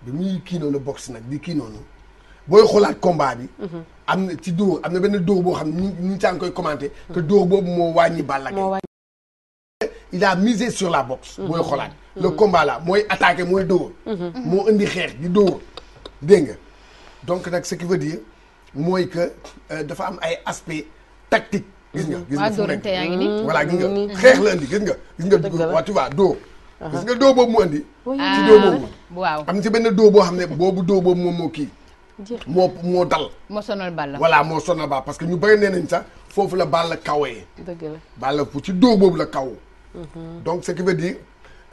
bi muy kii noonu boxe nag di kii noonu booy xoolaat combat bi. Mm-hmm. am na ci dóor am na benn dóor boo xam ne ñu ñu ngi koy commenté. te dóor boobu moo wàññi Balla Gaye il a misé sur la boxe. booy xoolaat le combat mooy attaqué mooy dóor. moo indi xeex di dóor dégg donc nag ce qui veut dire. mooy que euh, dafa am ay aspect tactique. gis nga gis nga fu nekk voilà gis nga mm-hmm. andi gis nga. gis nga dugg doo. gis nga doo boobu mu andi. ci doo boobu. Ah, waaw am si benn doo boo xam ne boobu doo boobu moom moo kii. moo moo dal. moo sonal Balla. voilà moo sonal Balla parce que ñu bëri nee nañ sax foofu la Balla kawee. dëgg la Balla ci doo boobu la kaw. Mm-hmm. donc ce qui veut dire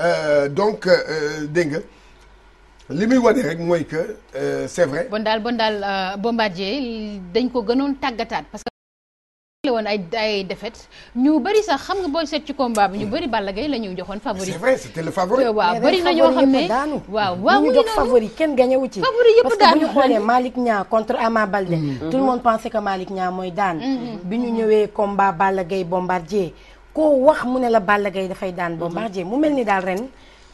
euh, donc euh, dégg nga. li muy wane rek mooy que euh, c'est vrai. daal bon daal euh, Bombardier dañ ko gënoon tàggataat parce que. la woon ay ay défaite ñu bëri sax xam nga booy seet ci combat bi ñu bëri Balla Gaye la ñuy joxoon favori. c'est vrai c'était le favori. waaw bëri ñu jox favori ci. yëpp daanu parce que bu ñu xoolee Malick Niang contre Ama Baldé. Mm. tout le monde pensait que Malick Niang mooy daan. Mm-hmm. bi ñu ñëwee combat Balla Gaye Bombardier koo wax mu ne la Balla Gaye dafay daan Bombardier mu mel ni daal ren.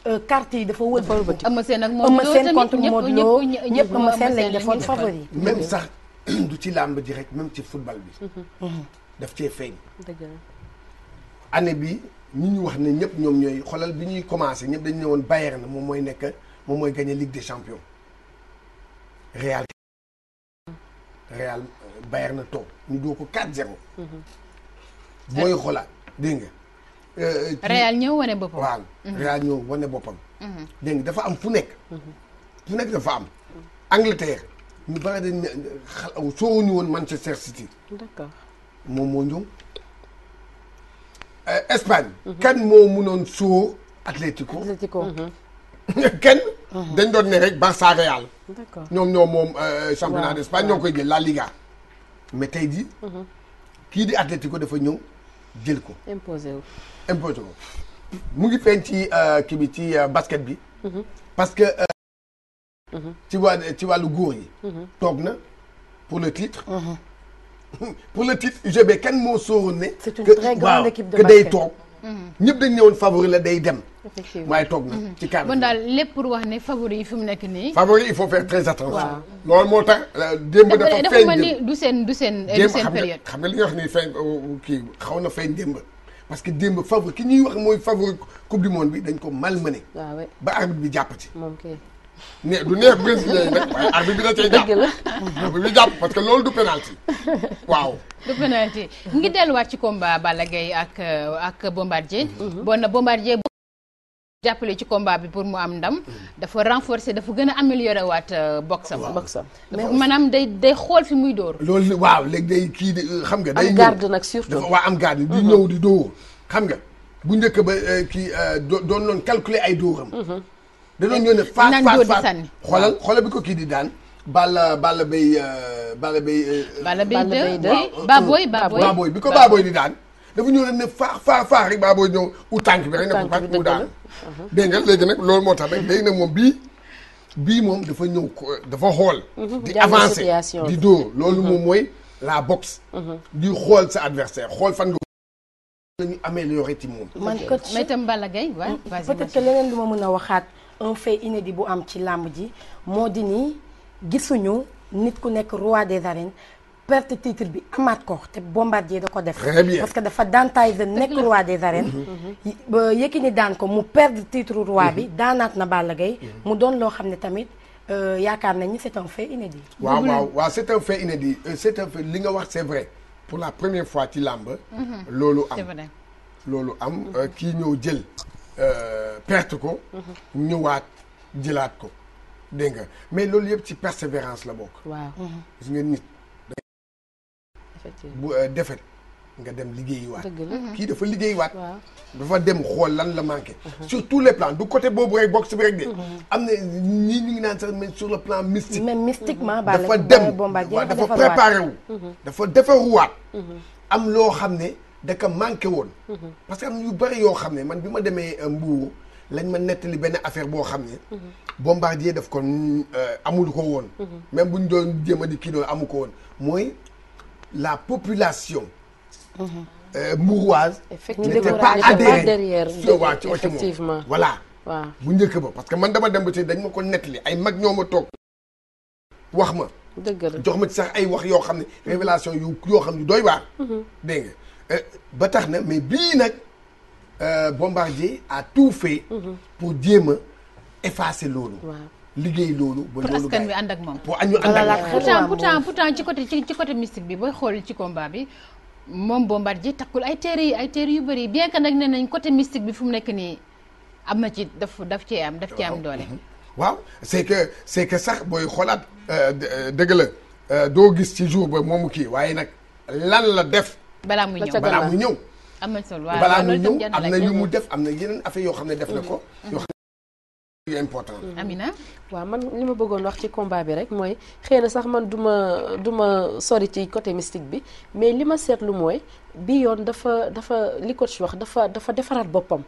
Euh, carte yi dafa wër. dafa wër Eumeu Sène ak Modou Lô tamit contre Modou Lô ñëpp Eumeu Sène lañ defoon favori. même sax <clears throat> du ci làmb ji rek même ci football bi. Mhm. Mhm. daf cee feeñ. année bi ñi ñu wax ne ñëpp ñoom ñooy xoolal bi ñuy commencé ñëpp dañu ne woon Bayern na moom mooy nekk moom mooy gagné Ligue des champions. Real. Mhm. Real euh, Bayern na toog ñu doo ko 4-0. booy xoolaat dégg nga. Euh, Real ñëw wane boppam. waaw mhm. Real ñëw wane boppam. Mhm. dégg dafa am fu nekk. Mhm. fu nekk dafa am. Angleterre ñu bari dañ ne xel soowuñu woon Manchester City. moom moo ñëw. Euh, Espagne. kan moo mënoon soo Atlético. Atlético. <laughs> kenn. dañ doon ne rek Barça Real. d'accord ñoom ñoo moom euh, championnat d'Espagne ñoo koy jël La Liga. mais tey jii. kii di Atlético dafa ñëw. jël ko. imposé wu imposé ko mu ngi feeñ ci euh, kii bi ci euh, basket bi. Mm-hmm. parce que. Euh, mm-hmm. ci wàll ci wàllu góor yi. Mm-hmm. toog na pour le titre. <laughs> pour le titre UGB kenn moo sóoroon ne. c'est une très grande équipe de basket day toog. Mm-hmm. ñëpp dañ ñëwoon favori la day dem. effectivement waaye toog na mm-hmm. ci cadre bon daal lépp pour wax ne favori yi fi mu nekk nii. favori il faut faire très attention. waaw moo tax. Euh, démb dafa feeñ mel démb. parce que démb favori ki ñuy wax mooy favori coupe du monde bi dañ ko malmené. waaw ba arbitre bi jàpp ci. ne du neex brésilien bi da jàpp parce que loolu du penalty waaw du penalty ngi delluwaat ci combat Balla Gaye ak euh, ak Bombardier mhm. bon na Bombardier jàppale ci combat bi pour mu am ndam dafa renforcer dafa gën a améliorer waat euh, boxam boxam maanaam day day xool fi muy dóor loolu waaw léegi day kii di euh, xam nga day am garde dafa waa am garde di mhm. ñëw di dóor xam nga bu njëkk ba kii doon noon calculer ay dóoram mhm. da doon ñëw ne faat faat faat xoolal xoolal bi ko kii di daan. Balla Balla Beye euh, Balla Beye. Euh, Balla Beye de Baboy Baboy bi ko Baboy di daan. dafa ñëw leen ne faax faax faax rek Baboy ñëw tànk bi rek ne ko faax mu daan. Uh-huh. dégg nga léegi nag loolu moo tax rek léegi moom bii. bii moom dafa ñëw dafa xool. Uh-huh. di avancé di dóor loolu moom uh-huh. mooy la boxe. di xool sa adversaire xool fan nga. la ñu améliorer ci moom. man coach mais itam Balla Gaye waaw. Mm, peut leneen lu ma mën a waxaat. un fait inédit bu am ci làmb ji moo di ni gisuñu nit ku nekk roi des arènes perte titre bi amaat ko te bombardier da ko def. parce que dafa daan Tyson nekk roi des arènes. Mm-hmm. Yékini daan ko mu perdre titre roi bi mm-hmm. daanaat na Balla Gaye mu doon loo xam ne tamit euh, yaakaar nañ ni c'est un fait inédit. waaw waaw waaw c'est un fait inédit euh, c'est un fait li nga wax c'est vrai pour la première fois ci làmb. Mm-hmm. loolu am loolu am euh, kii ñëw jël. Euh, perte ko. ñëwaat jëlaat ko dégg nga mais loolu yëpp ci persévérance la bokk. waaw gis nga nit. bu euh, defet nga dem yi liggéeyiwaat. kii dafa liggéeyiwaat. dafa dem xool lan la manqué. Uh-huh. sur tous les plans du côté boobu rek boxe bi rek de. Uh-huh. am na ñii ñu ngi naan sax sur le plan mystique. même mystiquement dafa dem dafa préparé wu. Uh-huh. dafa defaruwaat. am loo xam ne. da ka manqué woon. Mhm. parce que am yu bëri yoo xam ne man bi ma demee euh, Mbour lañ ma nettali benn affaire boo xam ne. Mhm. bombardier daf ko euh, amul ko woon. Mhm. même buñ doon jéem a di kii doon amu ko woon mooy la population. mbouroise. Euh, effectivement n'était pas adhérée waa ci oto moom bu njëkk ba parce que man dama dem ba tey dañ ma ko nettali ay mag ñoo ma toog wax ma. dëgg la jox ma sax ay wax yoo xam ne révélation yu yoo xam ne doy waar. dégg nga. Euh, ba tax na mais bii nag euh, Bombardier a tout fait. Mhm. pour jéem a effacer loolu. liggéey loolu ba loolu. askan wi ànd ak moom pour ñu ànd ak ci côté ci côté mystique bi booy xool ci combat bi moom Bombardier takkul ay téere yi ay téere yu bëri bien que nag nee nañ côté mystique bi fu mu nekk nii am na ci daf daf cee am daf cee am doole. Mhm. waaw c'est que c'est que sax booy xoolaat euh, dëgg la doo gis ci jour ba moomu kii waaye nag lan la def. balaa muy ñëw balaa muy ñëw. am na solo waaw balaa muy ñëw am na yu mu def am na yeneen affaire yoo xam ne def na ko. Mm-hmm. yoo xam ne yu important. waaw man li ma bëggoon wax ci combat bi rek mooy xëy na sax man du ma du ma sori ci côté mystique bi mais li ma seetlu mooy bi yoon dafa dafa li coach wax dafa dafa defaraat boppam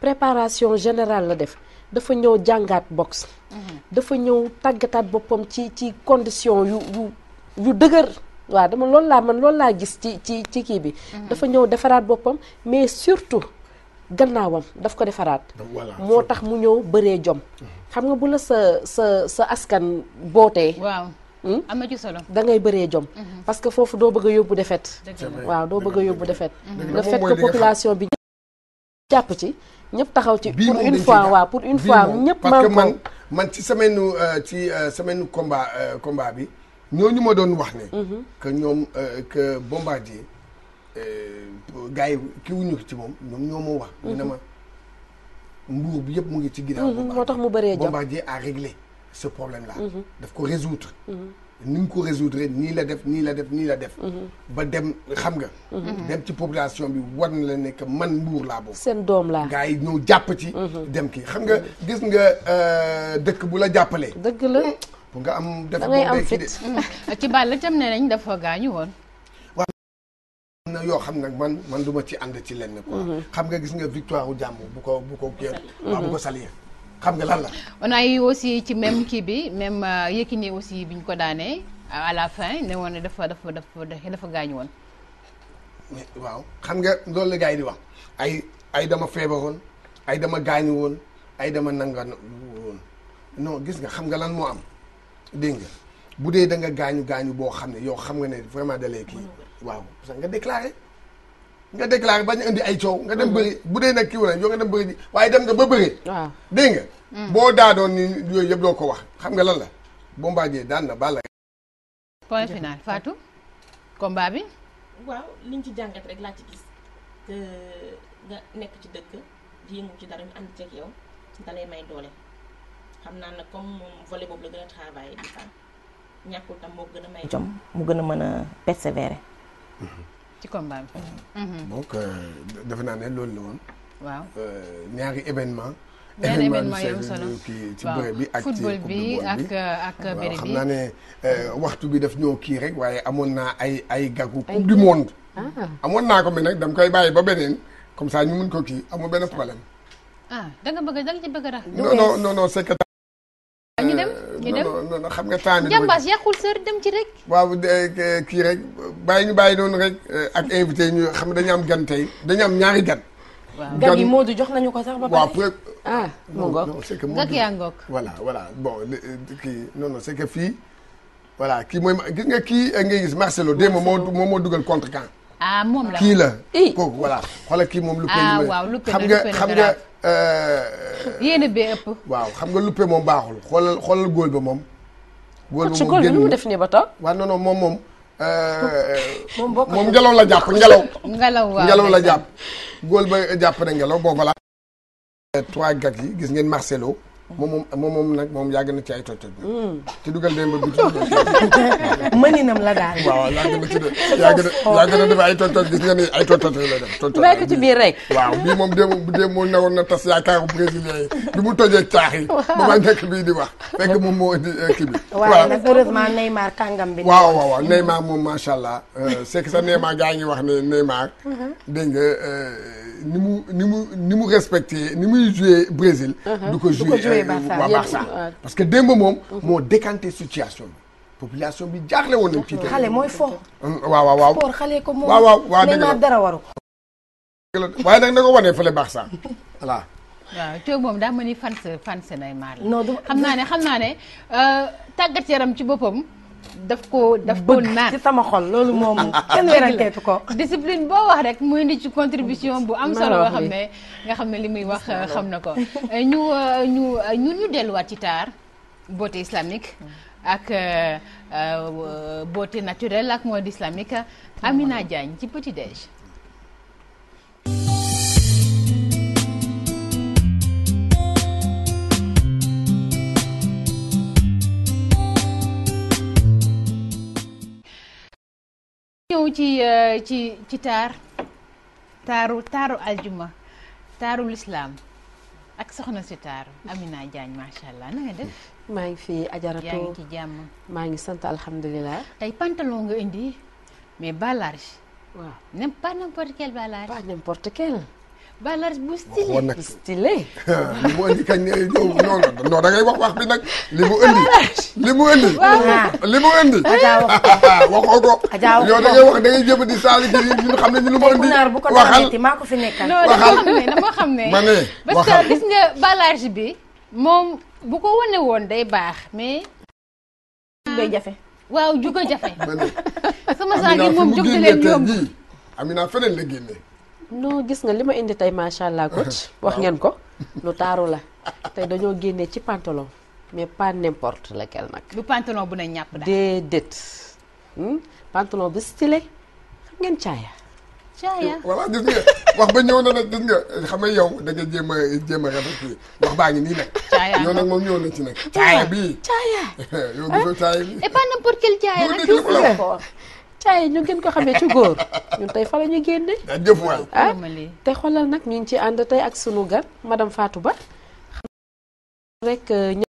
préparation générale la def. dafa ñëw jàngaat box mm-hmm. dafa ñëw tàggataat boppam ci ci condition yu yu yu dëgër waaw dama loolu laa man loolu laa gis ci ci ci kii bi. Mhm. dafa ñëw defaraat boppam mais surtout gannaawam daf ko defaraat. moo tax mu ñëw bëree jom. Mhm. xam nga bu la sa sa sa askan bootee. waaw hmm? am na solo. da ngay bëree jom. Mhm. parce que foofu doo bëgg a yóbbu defet waaw doo bëgg yóbbu defet le fait que population bi jàpp ci. ñëpp taxaw ci pour une fois waaw pour une fois ñëpp. man parce que man man ci semaine euh, ci euh, semaine nu combat euh, combat bi. ñoo ñu ma doon wax ne. Mhm. que ñoom euh, que bombardier euh, gaa yi kii wuñu ci moom ñoom ñoo moo wax. Mhm. ne ma mbuur bi yëpp mu ngi ci ginnaaw. Mhm, moo tax mu bëree jàpp bombardier a réglé ce problème là. daf ko résoudre. ni mu ko résoudre nii la def nii la def nii la def. ba dem xam nga. dem ci population bi war na la nekk man mbuur laa boobu. seen doom laa gars yi ñëw jàpp ci. dem kii xam nga gis nga euh, dëkk bu la jàppale. dëgg la. Mm. pour nga am def boobu day kii de <laughs> ci Balla tam ne nañ dafa gaañu woon. na yoo xam nag man man du ma ci ànd ci lenn quoi. Mhm. xam nga gis nga victoire u bu ko bu ko kii mhm. ko salir xam nga lan la. on a eu aussi ci même kii bi même euh, Yékini aussi bi ñu ko daanee à la fin ne woon ne dafa dafa dafa dafa gaañu woon. waaw xam nga loolu la gars yi di wax ay ay dama feebaroon ay dama gaañu woon ay dama nanga woon non gis nga xam nga lan moo am. dégg nga bu dee da nga gaañu gaañu boo xam ne yow xam nga ne vraiment da lay kii waaw parce que nga déclaré nga déclaré bañ indi ay coow nga dem mm-hmm. bëri bu dee nag kii wala yow nga dem bëri waaye dem nga ba bëri waaw dégg nga mm. boo daadoon ni yooyu yëpp doo ko wax xam nga lan la Bombardier daan na Balla point final Fatou bi waaw liñ ci jàngat rek laa nekk ci dëkk di xam naa nag comme moom volet boobu la gën a travaillé di moo gën a may mu gën a mën a mm-hmm. ci combat bi mm-hmm. Mm-hmm. donc euh, defe naa ne loolu la woon waaw euh, ñaari événement ñaari bi ak football bi ak euh, ak bi xam naa ne waxtu bi daf ñoo kii rek waaye amoon naa ay ay gagu coupe du ah. naa ko mais nag dam koy bàyyi ba beneen comme ça ñu mun ko kii amul benn problème ah bëgg da ci bëgg a rax. non non non ñu dem non non xam nga temps bi. jàmbaas yàqul sër dem ci rek. waaw kii rek bàyyi ñu bàyyi noonu rek eh, ak invité ñu xam ne dañu am gan tey dañu am ñaari gan. waaw gan yi Modou jox nañu ko sax ba pare. waaw ah mu ngoog c'est que Modou yaa ngoog. voilà voilà bon kii non non c'est que fii voilà kii mooy gis nga kii eh, ngay gis Marcelo démb moo moo moo dugal contre camp. ah moom la kii la. kooku voilà xoolal kii moom. lu koy ah, xam nga xam nga. Euh, <laughs> yéene bee ëpp. waaw xam nga luppe moom baaxul xoolal xoolal góol ba moom. góol ba moom génn mu def nii ba toog. waaw non non moom moom. Euh, <laughs> moom ngelaw la jàpp ngelaw. <laughs> ngelaw ngelaw la jàpp. góol ba jàpp na ngelaw boobu la. Euh, trois gag yi gis ngeen Marcelo. moom moom moom nag moom yàgg na ci ay toj-toj. ci mm. dugal démb bi. <laughs> mëninam la daal. waaw yàgg na ci de <laughs> yàgg na yàgg na dafa ay toj-toj gis nga ni ay toj-toj la def. toj-toj la ci biir rek. <laughs> waaw bii moom démb bu démb moo newoon na tas yaakaaru brésilien yi bi mu tojee caax yi. waaw ba ma nekk bii di wax fekk moom moo indi eh, kii bi. waaw waaw nag heureusement Neymar kàngam bi. waaw waaw waaw Neymar moom macha allah. Euh, c'est que sa Neymar gaa ngi wax ne Neymar. Mm-hmm. dégg nga euh, ni mu ni mu ni mu respecté ni muy joué Brésil. Mm-hmm. du ko joué waa Barça parce que démb moom moo décanté situation bi population bi jaaxle woon nañ ci xale mooy fo waaw waaw waaw sport xale ko moom waaw waaw waaw dëgg la dara waru waaye nag na ko no fële Barça voilà waaw te moom daa ma ni fans fans nay maar la xam naa ne xam naa ne euh, tàggat yaram ci boppam daf ko daf ko naan ci sama xol loolu moom <laughs> kenn weranteetu ko discipline boo wax rek mu indi ci contribution bu am solo nga xam ne nga xam ne li muy wax xam na ko <laughs> eh, ñu eh, ñu eh, ñun ñu delluwaat ci taar beauté islamique mm. ak beauté naturelle ak mode islamique Amina Diagne ci petit déj ñëw ci euh, ci ci taar taaru taaru aljuma taaru lislaam ak soxna si taaru naa Diagne macha allah na def. maa ngi fi ajaratu yaa ngi ci jàmm. maa ngi sant alhamdulilah. tey pantalon nga indi mais bas large. waaw même pas n'importe quel bas large. pas ballage bu stylé nag stylé. li mu indi kañ ne ñëw non non da ngay wax wax bi nag li mu indi. li mu indi. <laughs> li mu indi. <laughs> <laughs> waxoo ko. yow da ngay wax da ngay jëm di saali ji ñu xam ne ñu lu mu indi. waxal maa ko fi nekkal. waxal non dama xam ne dama xam ne. ma ne parce que gis nga ballage bi moom bu ko wane woon day baax mais. day jafe. waaw ju ko jafe. sama saag yi moom jóg di leen yomb Amina feneen la génne. non gis nga li ma indi tey macha allah coach <laughs> wax ngeen ko lu taaru la tey dañoo génne ci pantalon mais pas n'importe lequel nag. du pantalon bu ne ñàpp daal déedéet. Hmm? pantalon bi stylé xam ngeen caaya. caaya euh, voilà gis nga wax ba ñëw na nag gis nga xam nga yow a jéem a caaya yow moom ñëw nag. caaya bii caaya. <laughs> yow gisoo caaya bi et pas n'importe quel caaya caay ñu gën ko xamee ci góor ñun tey fa ñu génne. Ah, jëf ah te xoolal nag ñu ci ànd tey ak sunu gan madame Fatou Ba. rek euh,